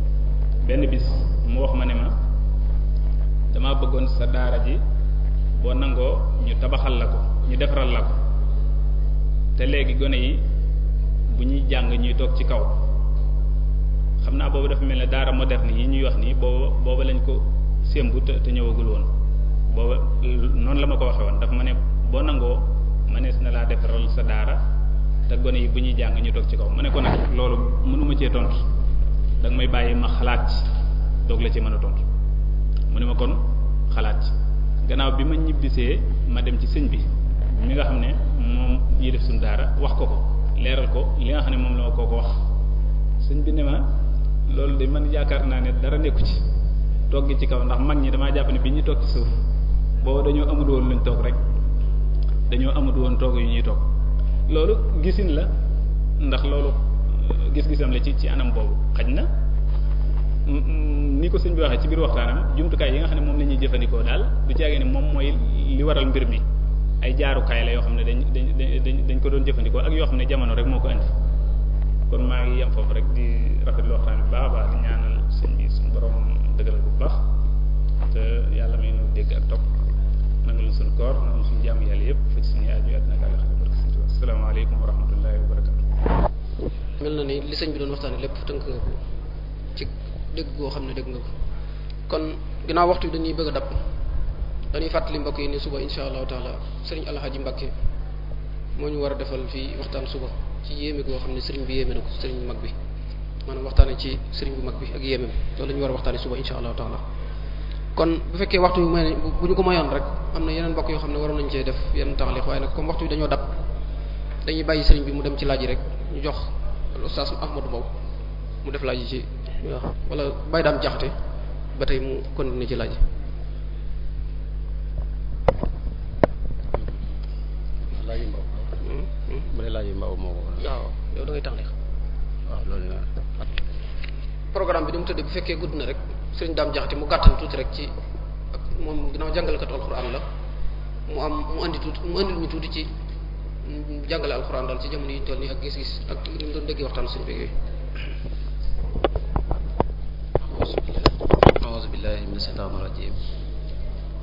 benn bis mu wax ma ne ma dama bëggoon sa daara ji boo nangoo ñu tabaxal la ko ñu defaral la ko te léegi gone yi bu ñuy jàng ñuy toog ci kaw xam naa boobu dafa mel ne daara moderne yi ñuy wax nii booba booba lañ ko sémbu te te ñëwagul woon booba noonu la ma ko waxe woon dafa ma ne boo nangoo mënees na laa defaral sa daara te gone yi bu ñuy jàng ñu toog ci kaw ma ne ko nag loolu mënuma cee tontu. danga may bàyyi ma xalaat ci doog la ci mën a tontu mu ne ma kon xalaat ci gannaaw bi ma ñibbisee ma dem ci sëñ bi mi nga xam ne moom yi def suñ daara wax ko ko leeral ko li nga xam ne moom la ma koo ko wax sëñ bi ne ma loolu de man yaakaar naa ne dara nekku ci toog gi ci kaw ndax mag ñi damaa jàpp ne bi ñu toog ci suuf booba dañoo amul woon luñ toog rek dañoo amul woon toog yu ñuy toog loolu gisin la ndax loolu gis-gisam la ci ci anam boobu xaj na mm, mm, ni ko sëñ bi waxee ci biir waxtaanam jumtukaay yi nga xam ne moom la ñuy jëfandikoo daal du jaage ne moom mooy li waral mbir mi ay jaarukaay la yoo xam ne dañ dañ dañ ko doon jëfandikoo ak yoo xam ne jamono rek moo ko indi kon maa ngi yem foofu rek di rafetlu waxtaan bi baax a baax di ñaanal sëñ borom dëgëral bu baax te yàlla may nu dégg ak topp nangu lu suñu koor nangu suñu jàmm yàlla yëpp faj suñu yaay ju àddina mel na ni li sëñ bi doon waxtaane lépp tënk nga ko ci dégg goo xam ne dëgg na ko kon ginnaaw waxtu bi dañuy bëgg a dab dañuy fàttali mbokk yi ni suba insha allahu taala sëriñ alxaaji Mbàkke moo ñu war a defal fii waxtaan suba ci yéeme goo xam ne sëriñ bi yéeme na ko sëriñ bu mag bi maanaam waxtaane ci sëriñ bu mag bi ak yéemeem loolu la ñu war a waxtaane suba insha allahu taala kon bu fekkee waxtu bi may bu ko mayoon rek am na yeneen yoo xam ne waroon nañ cee def yenn taxalix waaye nag comme waxtu bi dañoo dab dañuy bàyyi sëñ bi mu dem ci laaj yi rek ñu jox Oustaz Ahmadou Mbow mu def laaj yi ci wala Baye Dame Diakhaté ba tey mu continuer ci laaj yi. laaj yu Mbow. mu hmm? hmm? ne laaj yu Mbow moo ko. waaw yow da ngay tax waaw loolu la programme bi ni mu tëddee bu fekkee gudd na rek sëriñ Dame Diakhaté mu gàttan tuuti rek ci ak moom ginnaaw jàngalekatu alxuraan la mu am mu indi tuuti mu andil ñu tuuti ci. jàngale alxuraan daal ci jamono yi ñu toll nii ak gis-gis ak li mu doon dëggee waxtaan suñu bëgg yooyu auzu billahi min shaytaani rajim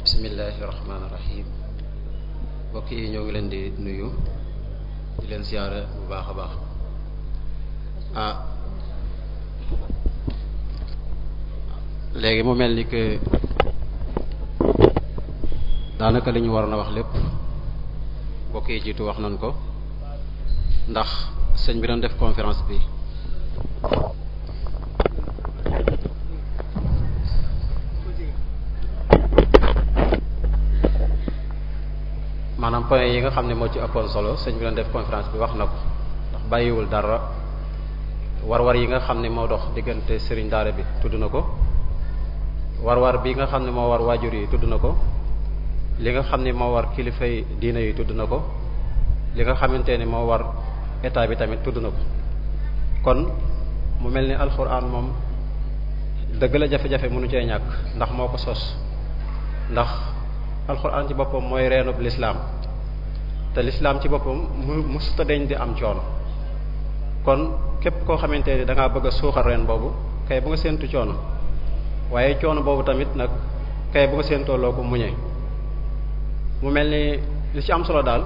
bismillahi rahmaani yi ñoo ngi leen di nuyu leen siyaare bu baax a baax ah, léegi mu mel ni que daanaka li war na wax lépp mbokk yi jiitu wax nañ ko ndax sëñ bi doon def conférence bi maanaam point yi nga xam ne moo ci ëppoon solo sëñ bi doon def conférence bi wax na ko ndax bàyyiwul dara war-war yi nga xam ne moo dox diggante sëriñ daara bi tudd na ko war-war bi nga xam ne moo war waajur yi tudd na ko. li nga xam ni moo war kilifay diina yi tudd na ko li nga xamante ni moo war état bi tamit tudd na ko kon mu mel ni alxuraan moom dëgg la jafe-jafe nu cee ñàkk ndax moo ko sos ndax alxuraan ci boppam mooy reenub lislaam te lislaam ci boppam mu musta deñ di am coono kon képp koo xamante ni da bëgg a suuxal reen boobu kay bu nga séentu coono waaye coono boobu tamit nag kay bu nga séentoo loo ko muñee mu mel ni li ci am solo daal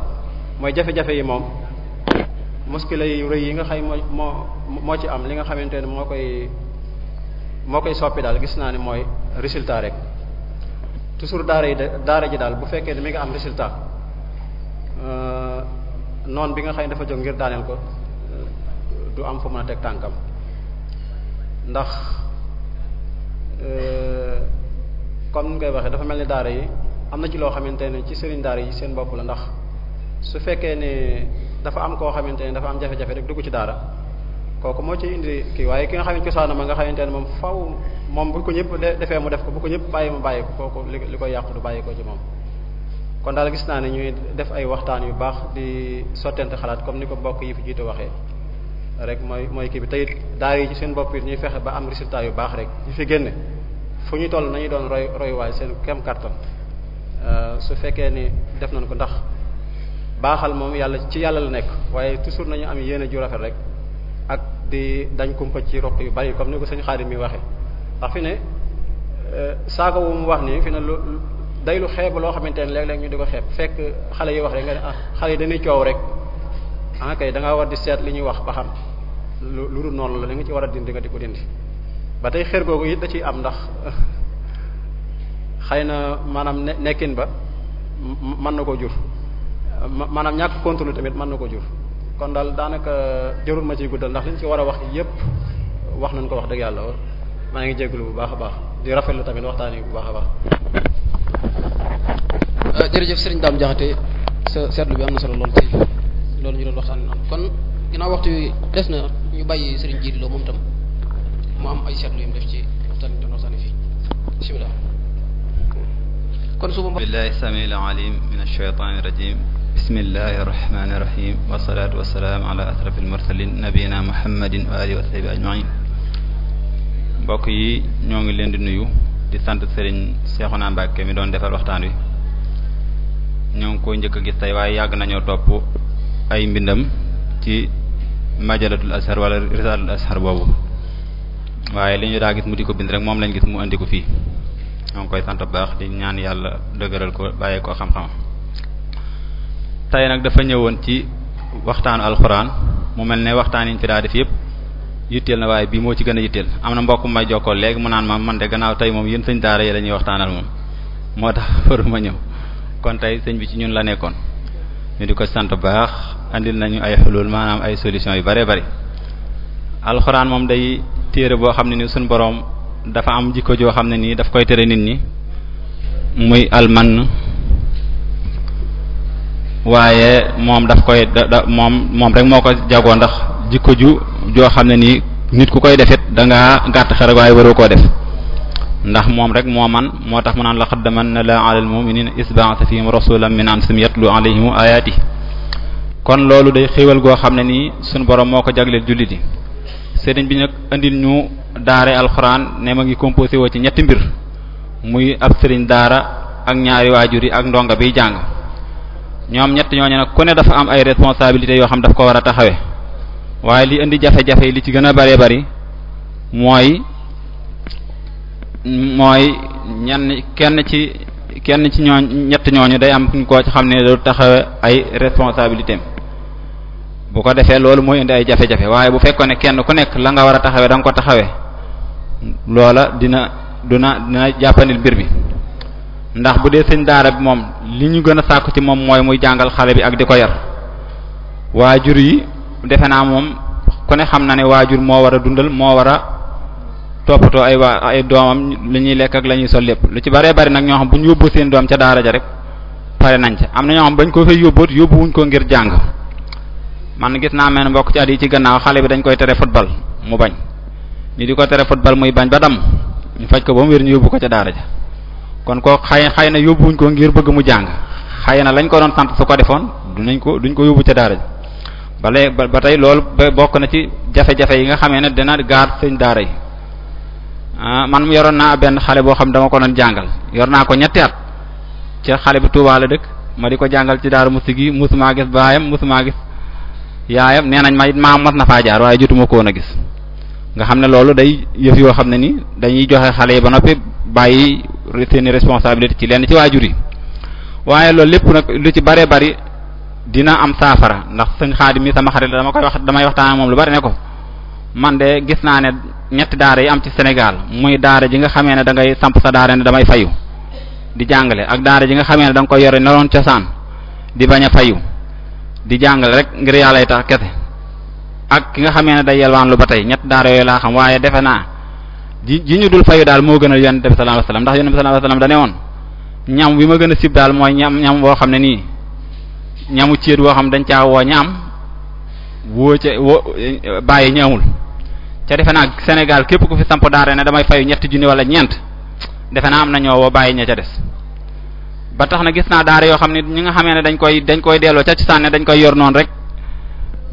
mooy jafe-jafe yi moom muskila yu rëy yi nga xay moo moo moo ci am li nga xamante ne moo koy moo koy soppi daal gis naa ne mooy résultat rek toujours daara yi de daara ji daal bu fekkee ne mi nga am résultat euh, noon bi nga xam ne dafa jóg ngir daaneel ko euh, du am fa mën a teg tànkam ndax euh, comme ni koy waxee dafa mel ni daara yi am na ci loo xamante ne ci sëriñ daar yi seen bopp la ndax su fekkee ne dafa am koo xamante ne dafa am jafe-jafe rek dugg ci daara kooku moo ci indi kii waaye ki nga xam ne cosaanam nga xamante ne moom faw moom bu ko ñëpp defee mu def ko bu ko ñëpp bàyyi mu bàyyi ko kooku li ko yàqu du bàyyi ko ci moom kon daal gis naa ne ñuy def ay waxtaan yu baax di sottente xalaat comme ni ko bokk yi fi jiite waxee rek mooy mooy kii bi tey daara yi ci seen bopp it ñuy fexe ba am résultat yu baax rek ñu fi génne ñu toll nañu doon roy roy waay seen kem kattan Euh, su fekkee ni def nañ ko ndax baaxal moom yàlla ci yàlla la nekk waaye toujours nañu am yéene ju rafet rek ak di dañ kumpa ci roq yu bari comme ni ko sëñ xaadim mi waxee ndax fi ne euh, saaga wu mu wax nii fi ne lu day lu xeeb loo xamante ne léeg ñu di ko xeeb fekk xale yi wax rek nga ne ah xale yi dañuy coow rek ah kay da ngaa war di seet li ñuy wax ba xam lu lu dul noonu la li nga ci war a dindi nga di ko dindi ba tey xër googu it da ciy am ndax xëy na maanaam ne nekkin ba mën na koo jur maanaam ñàkk contrôle tamit mën na ko jur kon daal daanaka jarul ma ciy guddal ndax liñ ci war a wax yépp wax nañ ko wax dëgg yàlla maa ngi jégalu bu baax a baax di rafetlu tamit waxtaan yi bu baax a baax. Euh, jërëjëf Serigne Dame Diakhaté sa seetlu bi am na solo lool ci loolu ñu doon waxtaan kon ginnaaw waxtu wi des na ñu bàyyi Serigne Diirilo moom tam mu am ay seetlu yu mu def ci waxtaan yi doon kon suba mbokk billahi samil alim min ashaytani rajim bismillahi rahmani rahim wasalaatu wasalaam ala ashraf almursalin nabiyina muhammadin wa alihi wa sahbihi ajmain yi ñoo ngi leen di nuyu di sant Serigne Cheikhouna Mbacké mi doon defar waxtaan wi ñoo ko koy njëkk gis tey waaye yàgg nañoo topp ay mbindam ci majalatul ashar wala risalatul ashar boobu waaye li ñu daa gis mu di ko bind rek moom lañ gis mu andi ko fii ñoo ngi koy sant bu baax di ñaan yàlla dëgëral ko bàyyee ko xam-xam tey nag dafa ñëwoon ci waxtaanu alxuraan mu mel ne waxtaan yi ñu fi daa def yëpp yitteel na waaye bii moo ci gën a yitteel am na mbokk may ko léegi mu naan ma man de gannaaw tey moom yéen sëñ daara yi la ñuy waxtaanal moom moo tax faru ma ñëw kon tey sëñ bi ci ñun la nekkoon ñu di ko sant baax andil nañu ay xulul maanaam ay solution yu bare bari alxuraan moom day téere boo xam ne ni boroom dafa am jikko joo xam ne nii daf koy tere nit ñi muy alman waaye moom daf koy da da moom moom rek moo ko jagoo ndax jikko ju joo xam ne nii nit ku koy defit danga ngaa gàtt xel waaye waroo koo def ndax moom rek moo man moo tax mu naan laqad damanna la ala al mu'minina isba'atha fihim rasulan min anfusihim yatlu alayhim ayatihi kon loolu day xéewal goo xam ne nii suñu borom moo ko jagleel jullit yi sëriñ bi nag andil ñu daare alxuraan ne ma ngi composé woo ci ñetti mbir muy ab sëriñ daara ak ñaari waajur yi ak ndongo biy jàng ñoom ñett ñooñu nag ku ne dafa am ay responsabilités yoo xam daf ko war a taxawee waaye li indi jafe-jafe li ci gën a bëree bëri mooy mooy ñenn kenn ci kenn ci ñooñ ñett ñooñu day am kuñ koo ci xam ne du taxawe ay responsabilités bu ko defee loolu mooy indi ay jafe-jafe waaye bu fekkoon ne kenn ku nekk la nga war a taxawee da nga ko taxawee loola dina dina dina jàppandil mbir bi ndax bu dee sëñ daara bi moom li ñu gën a sàkku ci moom mooy muy jàngal xale bi ak di ko yar waajur yi defe naa moom ku ne xam na ne waajur moo war a dundal moo war a toppatoo ay waa ay doomam li ñuy lekk ak la ñuy sol lépp lu ci bare bari nag ñoo xam bu ñu yóbbu seen ca daara ja rek pare nañ ca am na ñoo xam bañ ko fay yóbboot yóbbuwuñ ko ngir jàng man gis naa mel mbokk ci at yi ci gannaaw xale bi dañ koy tere football mu bañ. ñi di ko tere football muy bañ ba dam ñu faj ko ba mu wér ñu yóbbu ko ca daara ja kon ko xay xay na yóbbuwuñ ko ngir bëgg mu jàng xay na lañ ko doon sant su ko defoon nañ ko duñ ko yóbbu ca daara ja bale ba tey loolu bokk na ci jafe-jafe yi nga xamee ne dina gaar seen daara yi ah, man yoroon naa benn xale boo xam dama ko doon jàngal yor naa ko ñetti at ca xale bi Touba la dëkk ma di ko jàngal ci daara musi gi musuma gis baayam musuma gis yaayam nee nañ ma it maa mos na faa jaar waaye jotuma ko a gis nga xam ne loolu day yëf yoo xam ne ni dañuy joxe xale yi ba noppi bàyyi seeni responsabilité ci lenn ci waajur yi waaye loolu lépp nag lu ci bare bari dina am saafara ndax sëñ xaadim mi sama xarit dama koy wax damay waxtaan ak moom lu bari ne ko man de gis naa ne ñetti daara yi am ci Sénégal muy daara ji nga xamee ne da ngay samp sa daara ne damay fayu di jàngale ak daara ji nga xamee ne da nga koy yore noroon cosaan di bañ a fayu di jàngale rek ngir yàlla tax kese ak ki nga xamee ne day yelwaan lu ba tey ñett daara yooyu laa xam waaye defe naa ji ji ñu dul fayu daal moo gënal yonent bi sallallahu alayhi wasallam ndax yonent bi sallallahu da ne woon ñam wi ma gën a sib daal mooy ñam ñam woo xam ne nii ñamu céet woo xam dañ caa woo ña am woo ca defe naa senegal képp ku fi samp daara ne damay fayu ñetti junni wala ñeent defe naa am na ñoo woo bàyyi ña ca des ba tax na gis naa daara yoo xam ne ñi nga xamee ne dañ koy dañ koy delloo ca ci sànne dañ koy yor noonu rek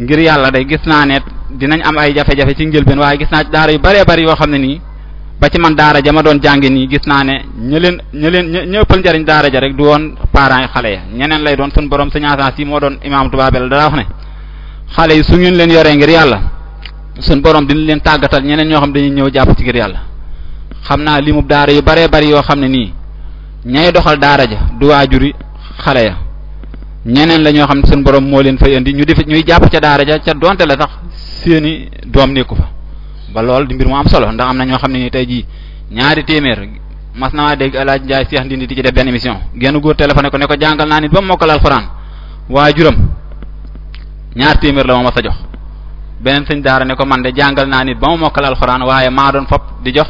ngir yàlla day gis naa ne dinañ am ay jafe-jafe ci njëlbeen waaye gis naa ci daara yu bëree bëri yoo xam ne nii ba ci man daara ja ma doon jàngi nii gis naa ne ña leen ña leen ña ëppal njariñ daara ja rek du woon parents yi xale ya ñeneen lay doon suñ boroom suñu agence yi moo doon imaam Tubaabel daa wax ne xale yi su ngeen leen yoree ngir yàlla suñ borom dina leen tàggatal ñeneen ñoo xam dañuy ñëw jàpp ci ngir yàlla xam naa limu daara yu bëree bëri yoo xam ne nii ñay doxal daara ja du waajuri xale ya ñeneen la ñoo xam seen boroom moo leen fay indi ñu def ñuy jàpp ca daara ja ca donte la sax seeni doom nekku fa ba lool di mbir mu am solo ndax am na ñoo xam ne ni tey jii ñaari téeméer mas naa dégg El Hadj Ndiaye Cheikh Ndindi di ci def benn émission genn góor téléphoné ko ne ko jàngal naa nit ba mu mokkal alxuraan waaye juróom ñaar téeméer la ma mas a jox beneen sëñ daara ne ko man de jàngal naa nit ba mu mokkal alxuraan waaye maa doon fop di jox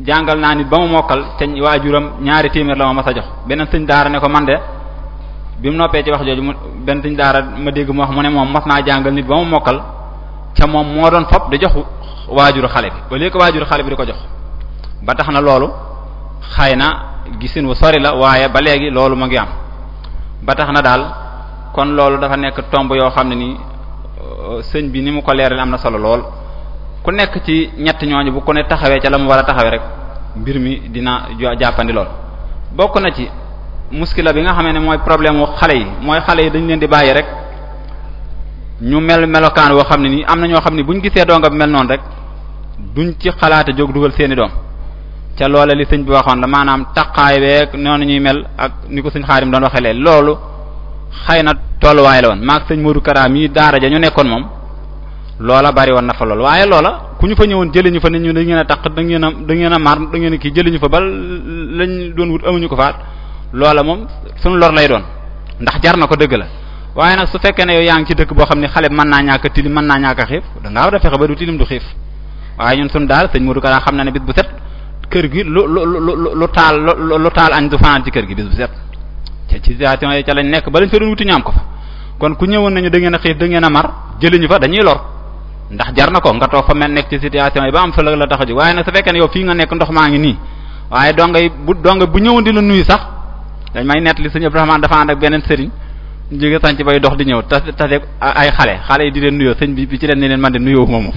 jàngal naa nit ba mu mokkal te waajuram ñaari téeméer la ma mas a jox benn sëñ daara ne ko man de bi mu noppee ci wax jooju mu benn sëñ daara ma dégg mu wax mu ne moom mas naa jàngal nit ba mu mokkal ca moom moo doon fop di jox waajuru xale bi ba lieu que waajuru xale bi di ko jox ba tax na loolu xay na gisin wu sori la waaye ba léegi loolu mu ngi am ba tax na daal kon loolu dafa nekk tomb yoo xam ne ni euh, sëñ bi ni mu ko leeral am na solo lool ku nekk ci ñett ñooñu bu ko ne taxawee ca la mu war a taxawee rek mbir mi dina jàppandi lool bokk na ci muskila bi nga xamee ne mooy problème wu xale yi mooy xale yi dañu leen di bàyyi rek ñu mel melokaan woo xam ne nii am na ñoo xam ne bu ñu gisee doom mel noonu rek duñ ci xalaata jóg dugal seeni doom ca loola li sëñ bi waxoon la maanaam taqaay beeg noonu ñuy mel ak ni ko sëñ xaarim doon waxee leen loolu xëy na tolluwaay la woon maag sëñ Modou Kara mii daara ja ñu nekkoon moom loola bari woon na fa lool waaye loola ku ñu fa ñëwoon jëlee ñu fa ne ñu ngeen a taq da ngeen a da ngeen a mar da ngeen a kii jëlee ñu fa ba lañ doon wut amuñu ko faat loola moom suñu lor lay doon ndax jar na ko dëgg la waaye nag su fekkee ne yaa ngi ci dëkk boo xam ne xale mën naa ñàkk a mën naa ñàkk a xiif da ngaa a fexe ba du tilim du xiif waaye ñun suñu daal sëñ Modou Kara xam na ne bis bu set kër gi lu lu lu lu taal lu taal añ du fanaan ci kër gi bis bu set ca ci situation yi ca lañ nekk ba lañ fa doon wuti ko fa kon ku ñëwoon nañu da ngeen a xiif da ngeen a mar jëlee ñu fa dañuy lor ndax jar na ko nga toog fa mel nekk ci situation yi ba am solo la tax a jóg waaye nag su fekkee ne yow fii nga nekk ndox maa ngi nii waaye dongay bu donga bu ñëwoon di la nuyu sax dañ may nett li sëñ Ibrahima dafa ànd ak beneen sëriñ jóge sànc bay dox di ñëw tas tase ay xale xale yi di leen nuyoo sëñ bi bi ci leen ne leen man de nuyoo moom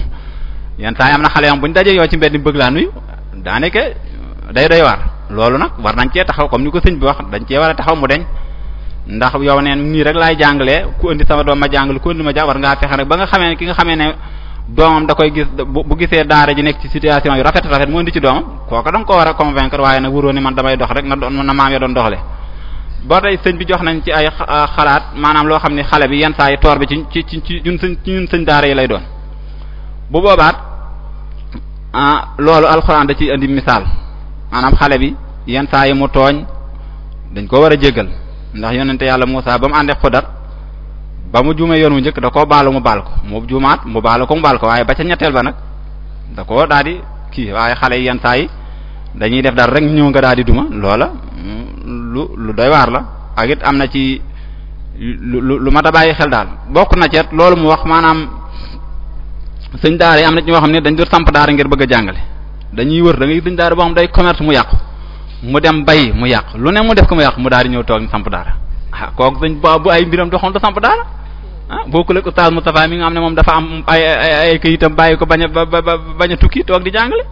yenn saa yi am na xale yam bu ñu dajee yow ci mbedd bëgg laa nuyu daanaka day day waar loolu nag war nañ cee taxaw comme ni ko sëñ bi wax dañ cee a taxaw mu deñ ndax yow neen nii rek laay jàngalee ku indi sama doom ma jàngal ku indi ja war ngaa fexe rek ba nga xamee ki nga xamee ne doomam da koy gis bu gisee daara ji nekk ci situation yu rafet rafet mu indi ci doomam kooka da ko war a convaincre waaye na wuroo ni man damay dox rek na na maam ya doon doxale boo tey sëñ bi jox nañ ci ay ah, xalaat maanaam loo xam ne xale bi yan saa yi toor bi ci ci ci ci ñun sëñ ci ñun sëñ lay doon boobaat ah loolu alxuraan da ciy indi misaal maanaam xale bi yenn saa yi mu tooñ dañ ko war a jéggal ndax yonente yàlla Muusaa ba mu àndee Xudar ba mu juumee yoon wu njëkk da koo baalo mu baal ko mu juumaat mu baalo ko mu baal ko waaye ba ca ñetteel ba nag da koo daal di kii waaye xale yi yenn saa yi dañuy def dara rek ñëw nga daal di duma loola lu lu doy waar la ak it am na ci lu lu mat a bàyyi xel daal bokk na ceet loolu mu wax maanaam sëñ daara yi am na ci ñoo xam ne dañ doon samp daara ngir bëgg jàngale dañuy wër da ngay sëñ daara boo xam day commerce mu yàqu mu dem bay mu yàqu lu ne mu def ko mu yàqu mu daal di ñëw toog samp daara ah kooku sëñ bu ay mbiram doxoon da samp daara ah bokkul ak oustaz Moustapha mi nga xam ne moom dafa am ay ay ay bàyyi ko bañ a ba bañ a tukki toog di jàngale.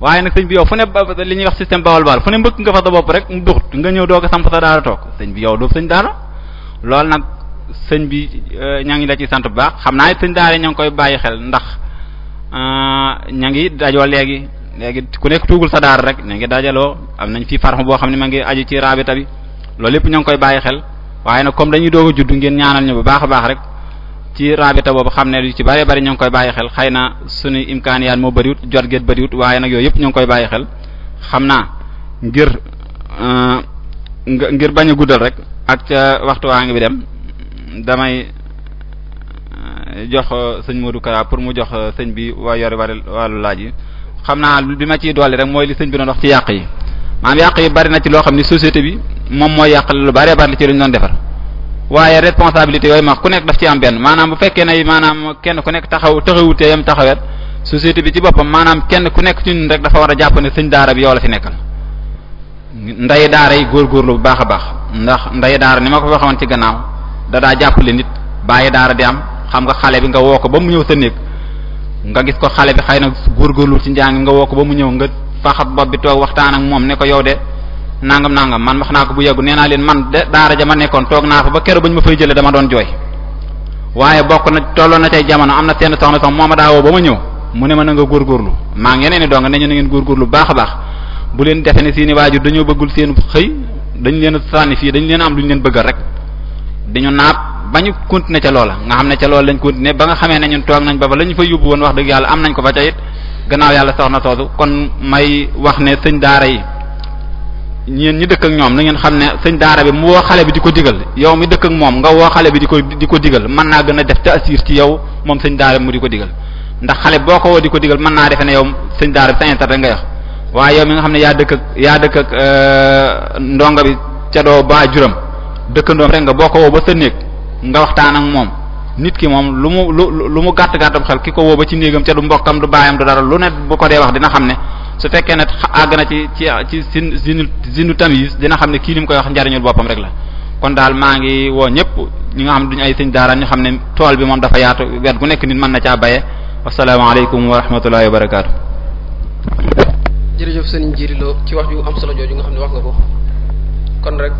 waaye nag sëñ bi yow fu ne li ñuy wax système bawal bawal fu ne mbëkk nga fa sa bopp rek mu duxut nga ñëw doog a samp sa daara toog sëñ bi yow doof sëñ daara loolu nag sëñ bi euh, ña ngi la ci sant bu baax xam naa sëñ daara ña ngi koy bàyyi xel ndax euh, ña ngi dajoo léegi léegi ku nekk tuugul sa daara rek ña ngi dajaloo am nañ fii boo xam ne ma ngi aju ci rabita bi loolu yëpp ñoo ngi koy bàyyi xel waaye nag comme dañuy doog a ngeen ñaanal ñu bu baax a baax rek ci rabita boobu xam ne lu ci bari bari ñoo ngi koy bàyyi xel xëy na suñu imkaaniyaat moo bëriwut jot geet bëriwut waaye nag yooyu yëpp ñoo xel xam naa ngir uh, ngir bañ a guddal rek ak ca waxtu waa ngi bi dem damay uh, jox uh, sëñ Modou Kara pour mu jox sëñ bi waa yore wàllu laaj yi xam naa bi ma ciy dolli rek mooy li sëñ bi doon wax ci yàq yi. maanaam yàq yi bari na ci loo xam ne société bi moom mooy yàq lu bari bari ci lu ñu doon defar waaye responsabilité yooyu ma ku nekk daf ci am benn maanaam bu fekkee ne maanaam kenn ku nekk taxaw taxawutee yam taxawet société bi ci boppam maanaam kenn ku nekk ci ñun rek dafa war a jàpp ne sëñ daara bi yow la fi nekkal nday daara yi góorgóorlu bu baax a baax ndax nday daara ni ma ko waxoon ci gannaaw dadaa daa jàppale nit bàyyi daara di am xam nga xale bi nga woo ko ba mu ñëw sa néeg nga gis ko xale bi xëy na góorgóorlu ci njàng nga woo ko ba mu ñëw nga faxat bopp bi toog waxtaan ak moom ne ko yow de nangam nangam man wax naa ko bu yàggu nee naa leen man de daara ja ma nekkoon toog naa fa ba keroog ba ñu ma fay jëlee dama na tolloon na tey jamono na seen soxna sax moo ma daawoo ba ma ñëw na nga góorgóorlu na ngeen góorgóorlu baax a baax bu leen defe ne seeni waajur dañoo bëggul seen xëy dañ leen sànni fii dañ leen am lu leen bëggal rek dañu naab ba ñu continuer ca loola nga xam ne ca loola lañ continuer ba nga xamee ne ñun toog nañ ba ba la ñu fa yóbbu woon wax dëgg yàlla am nañ ko fa ca it gannaaw yàlla soxna soosu kon may wax ne sëñ daara yi ñeen ñi dëkk ak ñoom na ngeen xam ne sëñ daara bi mu woo xale bi di ko digal yow mi dëkk ak moom nga woo xale bi di ko di ko digal mën naa gën a def taasir ci yow moom sëñ daara mu di ko digal ndax boo ko di ko digal mën naa defe ne yow sëñ daara bi sa intérêt nga yox waaye yow mi nga xam ne yaa dëkk ak yaa dëkk euh, ndongo bi ca doo ba juram dëkkandoom rek nga boo ko woo ba sa néeg nga waxtaan ak moom nit ki moom lu mu lu lu mu gàtt bu xel ki ko woo ba ci néegam ca du mbokkam du baayam du dara lu ne bu ko dee wax dina xam ne su fekkee ne àgg na ci ci ci sin sinu sinu tamis dina xam ne kii li koy wax njariñul boppam rek la kon daal maa ngi woo ñëpp ñi nga xam duñu ay sëñ daara ñu xam ne tool bi moom dafa yaatu wet gu nekk nit mën na caa baye asalaamaaleykum wa rahmatullahi wa barakaatu jërëjëf sëriñ Jiri Lo ci wax ju am solo nga xam ne wax nga ko kon rek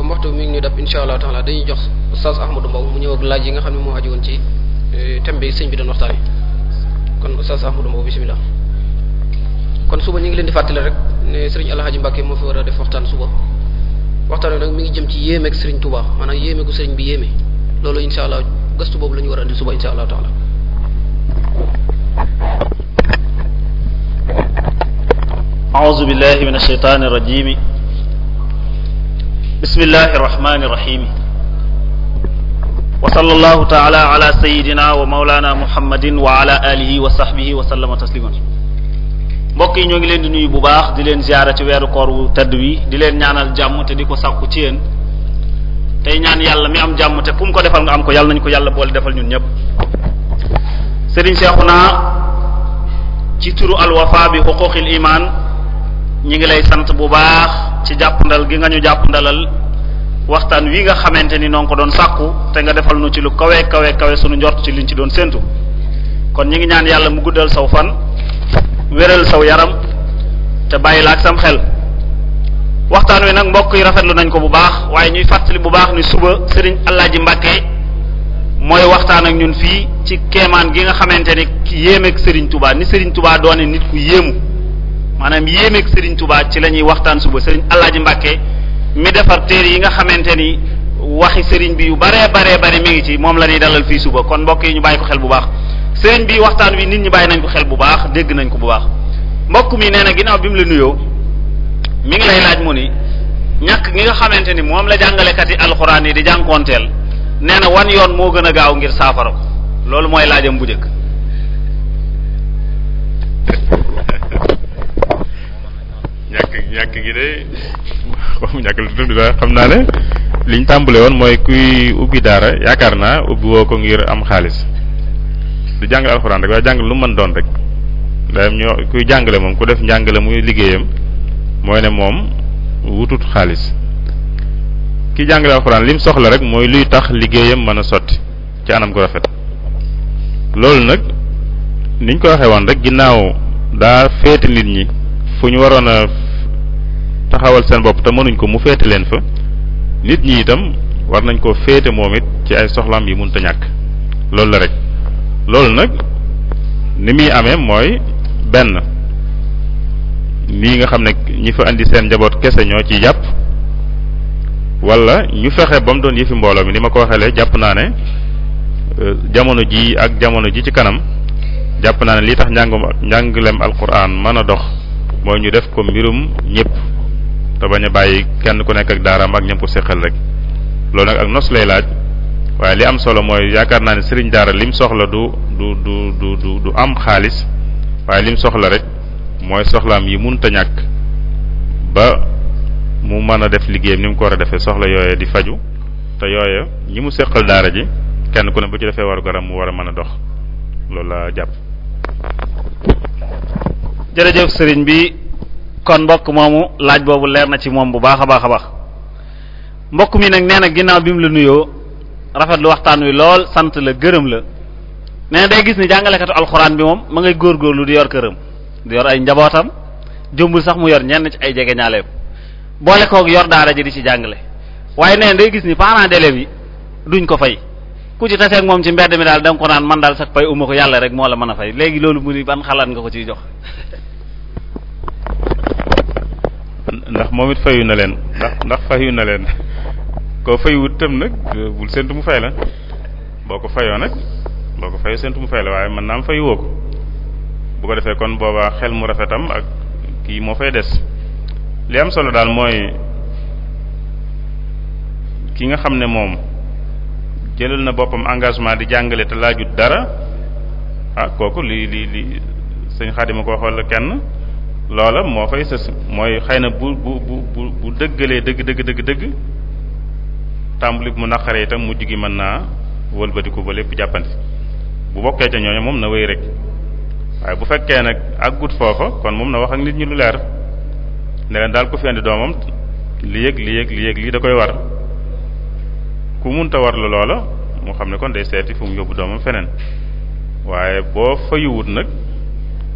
comme waxtu mi ngi ñu dab incha allah taala dañuy jox Oustaz Ahmadou Mbow mu ñëw laaj yi nga xam ne moo aju woon ci eh, thème bi sëñ bi doon waxtaane kon Oustaz Ahmadou Mbow bismillah kon suba ñu ngi leen di fàttali rek ne sëriñ Alhaji Mbacke moo fi war a def waxtaan suba waxtaan wi nag mi ngi jëm ci yéeme ak sëriñ Touba maanaam yéeme gu sëriñ bi yéeme loolu incha allah gëstu boobu la ñu war a indi suba incha allah taala أعوذ بالله bismillahi irrahmani irrahim wa salla allahu taala ala sayidina wa maulana muhammadin wa ala alihi wa sahbihi wa sallama tasliman mbokk yi ñoo ngi leen di nuyu bu baax di leen ziara ci weeru koor wu tëdd wi di leen ñaanal jàmm te di ko sàkku ci yéen tey ñaan yàlla mi am jàmm te ku ko defal nga am ko yàlla nañu ko yàlla boole defal ñun ñëpp sëriñ Seexuna ci turu alwafa bi xuquqil iman ñi ngi lay sant bu baax ci jàppandal gi nga ñu jàppandalal waxtaan wi nga xamante ni noo ngi ko doon sàkku te nga defal nu ci lu kawee kawe kawe sunu njort ci liñ ci doon séentu kon ñi ngi ñaan yàlla mu guddal saw fan wéral saw yaram te bàyyi la ak sam xel waxtaan wi nag mbokk yi rafetlu nañ ko bu baax waaye ñuy fàttali bu baax ni suba sëriñ Alaaji Mbàkke mooy waxtaan ak ñun fii ci kemaan gi nga xamante ni ki yéemeeg sëriñ Touba ni sëriñ tubaa doone nit ku yéemu maanaam yéemeeg sëriñ Touba ci la ñuy waxtaan suba Serigne Alaaji Mbàkke mi defar téere yi nga xamante ni waxi sëriñ bi yu baree bare bare mi ngi ci moom la ñuy dalal fii suba kon mbokk yi ñu bàyyi ko xel bu baax Serigne bi waxtaan wi nit ñi bàyyi nañ ko xel bu baax dégg nañ ko bu baax mbokk mi nee na ginnaaw bi mu la nuyoo mi ngi lay laaj mu ni ñàkk gi nga xamante ni moom la jàngalekat yi alxuraan yi di jànkoonteel nee na wan yoon moo gën a gaaw ngir saafara loolu mooy laajam bu njëkk ñàkk ñàkk gi de waxum ñàkk lu tudd sax xam naa ne liñ tàmbale woon mooy kuy ubbi daara yaakaar naa ubbi woo ko ngir am xaalis du jàngale alxuraan rek waaye jàngale lu man doon rek dayam ñoo kuy jàngale moom ku def njàngale muy liggéeyam mooy ne moom wutut xaalis ki jàngale alxuraan lim soxla rek mooy luy tax liggéeyam mën a sotti ci anam ku rafet loolu nag niñ ko waxee woon rek ginnaaw daa féete nit ñi fu ñu waroon xawal seen bopp te mënuñ ko mu féete leen fa nit ñi itam war nañ koo féete moom it ci ay soxlaam yi mënta ñàkk loolu la rek loolu nag ni muy amee mooy benn nii nga xam ne ñi fa indi seen njaboot kese ñoo ci jàpp wala ñu fexe ba mu doon yëfi mbooloo mi ni ma ko waxeele jàpp naa ne euh, jamono ji ak jamono ji ci kanam jàpp naa ne li tax njàngum njànglem alquran mën a dox mooy ñu def ko mbirum ñëpp te bañ a bàyyi kenn ku nekk ak daaraam ak ñam ko séqal rek loolu nag ak nos lay laaj waaye li am solo mooy yaakaar naa ne sëriñ daara lim soxla du du du du du am xaalis waaye lim soxla rek mooy soxlaam yi munta ñàkk ba mu mën a def liggéeyam ni mu ko war a defee soxla yooye di faju te yooya ñi mu séqal daara ji kenn ku ne bu ci defee waru garam mu war a mën a dox loolu la jàpp jërëjëf sëriñ bi kon mbokk moomu laaj boobu leer na ci moom bu baax a baax a baax mbokk mi nag nee na ginnaaw bi mu la nuyoo rafet lu waxtaan wi lool sant la gërëm la nee day gis ni jàngalekatu alxuraan bi moom ma ngay góor lu di yor këram di yor ay njabootam jëmbul sax mu yor ñenn ci ay jege ñaaleem boole koog yor daara ji di ci jàngale waaye nee na day gis ni parents d'élèves yi duñ ko fey ku ci taseeg moom ci mbedd mi daal da nga ko naan man daal sax pay uma ko yàlla rek la mën a fay léegi loolu mu ban xalaat nga ko ciy jox ndax moom it fayu na leen ndax ndax fayu na leen koo fayuwut tam nag euh, bul séntu mu fay la boo ko fayoo nag boo ko fayu séntu mu fay la waaye man naa am woo ko bu ko defee kon boobaa xel mu rafetam ak kii moo fay des li am solo daal mooy ki nga xam ne moom jëlal na boppam engagement di jàngale te laajut dara ah kooku li li li sëñ Xaadim ma ko waxoon la kenn loola moo fay sës mooy xëy na bu bu bu bu dëggalee dëgg dëgg dëgg dëgg tàmbali mu naqaree itam mu gi mën naa wëlbatiku ba lépp jàppandi bu bokkee ca ñooñu moom na wéy rek waaye bu fekkee nag àggut foofa kon moom na wax ak nit ñi lu leer ne daal ku fi doomam li yëg li yëg li lii da koy war ku munta war la loola moo xam ne kon day seeti fu mu yóbbu doomam feneen waaye boo fayuwut nag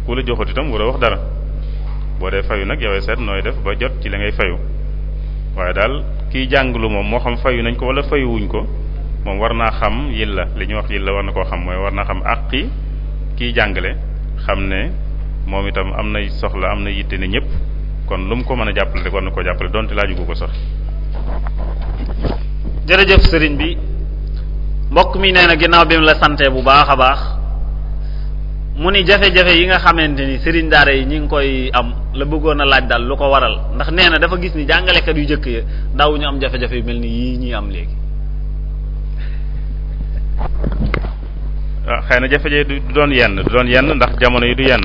ku la joxut itam war a wax dara boo dee fayu nag yowee seet nooy def ba jot ci li ngay fayu waaye daal kiy jàngalu moom moo xam fayu nañ ko wala fayuwuñ ko moom war naa xam yilla li ñu wax yilla war na koo xam mooy war naa xam àqi kiy jàngale xam ne moom itam am na soxla am na yitte ne ñëpp kon lu mu ko mën a jàppale rek war na koo jàppale donte laaju ko sax. jërëjëf sëriñ bi mbokk mi nee na ginnaaw bi mu la sante bu baax a baax. mu ni jafe-jafe yi nga xamante ni sëriñ daara yi ñi ngi koy am la bëggoon a laaj daal lu ko waral ndax nee na dafa gis ni jàngalekat yu jëkk ya ñu am jafe-jafe yu mel ni yii ñuy am léegi. waaw ah, na jafe-jafe du doon yenn du doon yenn ndax jamono yi du yenn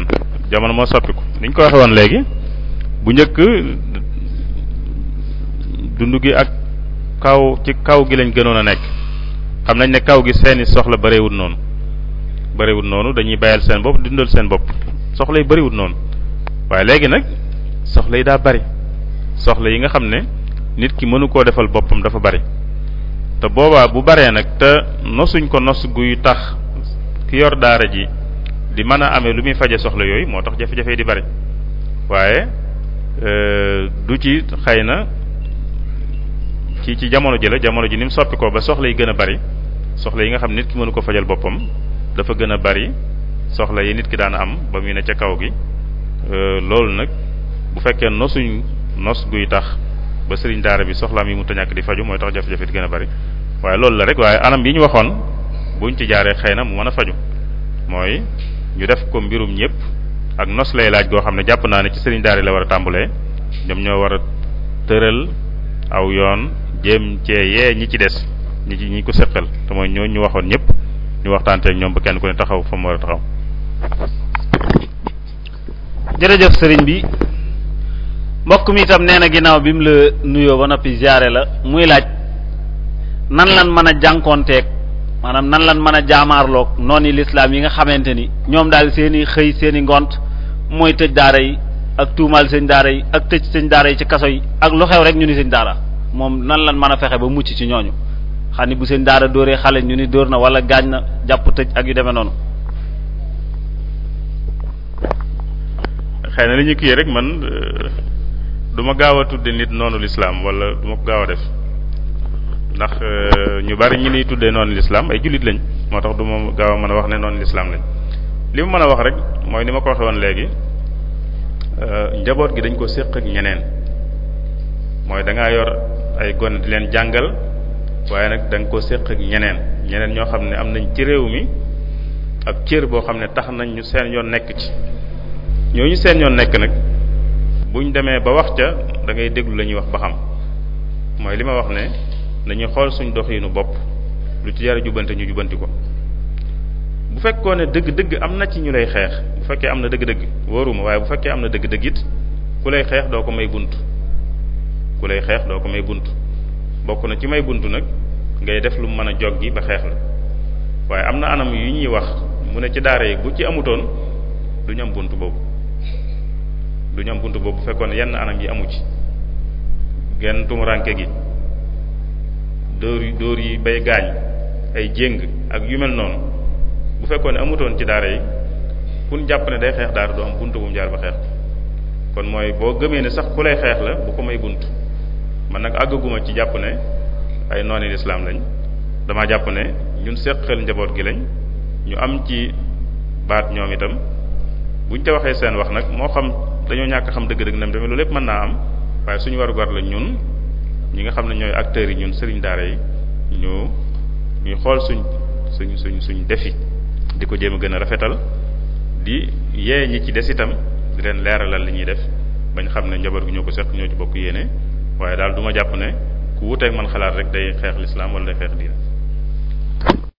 jamono moo soppiku ni ñu ko waxee léegi bu njëkk dund gi ak kaw ci kaw gi lañ gënoon a nekk xam nañ ne kaw gi seeni soxla bareewul noonu. bëriwul noonu dañuy bayal seen bopp dundal seen bopp soxla yi bëriwul noonu waaye léegi nag soxla yi daa bari soxla yi nga xam ne nit ki mënu koo defal boppam dafa bari te boobaa bu baree nag te nosuñ ko nos guy tax ki yor daara ji di mën a amee lu muy faje soxla yooyu moo tax jafe-jafe di bari waaye euh, du ci xëy na ci ci jamono ji la jamono ji ni mu soppi ko ba soxla yi gën a bari soxla yi nga xam nit ki mënu koo fajal boppam dafa gën a bari soxla yi nit ki daan am ba muy ne ca kaw gi euh, loolu nag bu fekkee nosuñ nos guy tax ba sëriñ daara bi soxlaam yi mu ta di faju mooy tax jafe-jafe di a bari waaye loolu la rek waaye anam yi waxoon buñ ci jaaree xëy na mu mën a faju mooy ñu def ko mbirum ñëpp ak nos lay laaj goo xam ne jàpp naa ne ci sëriñ daara la war a tàmbulee ñoom ñoo war a tëral aw yoon jéem cee yee ñi ci des ñi ci ñi ko seqal te mooy ñoo ñu waxoon ñëpp ñu waxtaanteeg ñoom ba kenn ku ne taxaw fa mu war a taxaw. jërëjëf sëriñ bi mbokk mi itam nee na ginnaaw bi mu la nuyoo ba noppi ziare la muy laaj nan lan mën a jànkoonteeg maanaam nan lan mën a jaamaarloog noonu lislaam yi nga xamante ni ñoom daal seen i xëy seeni ngont mooy tëj daara yi ak tuumaal seen daara yi ak tëj seen daara yi ci kaso yi ak lu xew rek ñu ni seen daara moom nan lan mën a fexe ba mucc ci ñooñu. xam ni bu seen daara dóoree xale ñu ni dóor na wala gaañ na jàpp tëj ak yu deme noonu. xëy na li ñu kii rek man euh, du ma gaaw a tudd nit noonu lislaam wala du ma ko gaaw a def ndax euh, ñu bari ñi niy tuddee noonu lislaam ay jullit lañ moo tax du ma gaaw a mën a wax ne noonu lislaam lañ li mu mën a wax rek mooy ni ma ko waxee woon léegi euh, njaboot gi dañ ko séq ak ñeneen mooy dangaa yor ay gone di leen jàngal. waaye nag danga nga ko séq ak ñeneen ñeneen ñoo xam ne am nañ ci réew mi ab cër boo xam ne tax nañ ñu seen yoon nekk ci ñoo ñu seen yoon nekk nag buñ demee ba wax ca da ngay déglu la ñuy wax ba xam mooy li ma wax ne nañuy xool suñ doxinu bopp lu ci jara jubante ñu jubanti ko bu fekkoo ne dëgg-dëgg am na ci ñu lay xeex bu fekkee am na dëgg-dëgg wóoruma waaye bu fekkee am na dëgg-dëgg ku lay xeex doo ko may bunt ku lay xeex doo ko may bunt bokk na ci may bunt nag ngay def lu mën a jog gi ba xeex la waaye am na anam yu ñuy wax mu ne ci daara yi bu ci amutoon du ñu am bunt boobu du ñu bunt boobu bu fekkoon yenn anam yi amu ci genn tumuraanke gi dóor yi dóor yi bay gaañ ay jéng ak yu mel noonu bu fekkoon ne amutoon ci daara yi kun jàpp ne day xeex daar du bunt bu mu jaar ba xeex kon mooy boo gëmee ne sax ku lay xeex la bu ko may bunt man nag àggaguma ci jàpp ne ay nooni lislaam lañ dama jàpp ne ñun seqal njaboot gi lañ ñu am ci baat ñoom itam buñ te waxee seen wax nag moo xam dañoo ñàkk xam dëgg-dëgg nam demee loolu lépp mën naa am waaye suñu warugar la ñun ñi nga xam ne ñooy acteurs yi ñun sëriñ daara yi ñu ñuy xool suñ suñ suñ suñ defi di ko jéem a gën a rafetal di yee ñi ci des itam di leen leeralal li ñuy def bañ xam ne njaboot gi ñoo ko seq ñoo ci bokk yéene waaye daal duma jàpp ne ku wuteeg man xalaat rek day xeex lislaam wala day xeex diine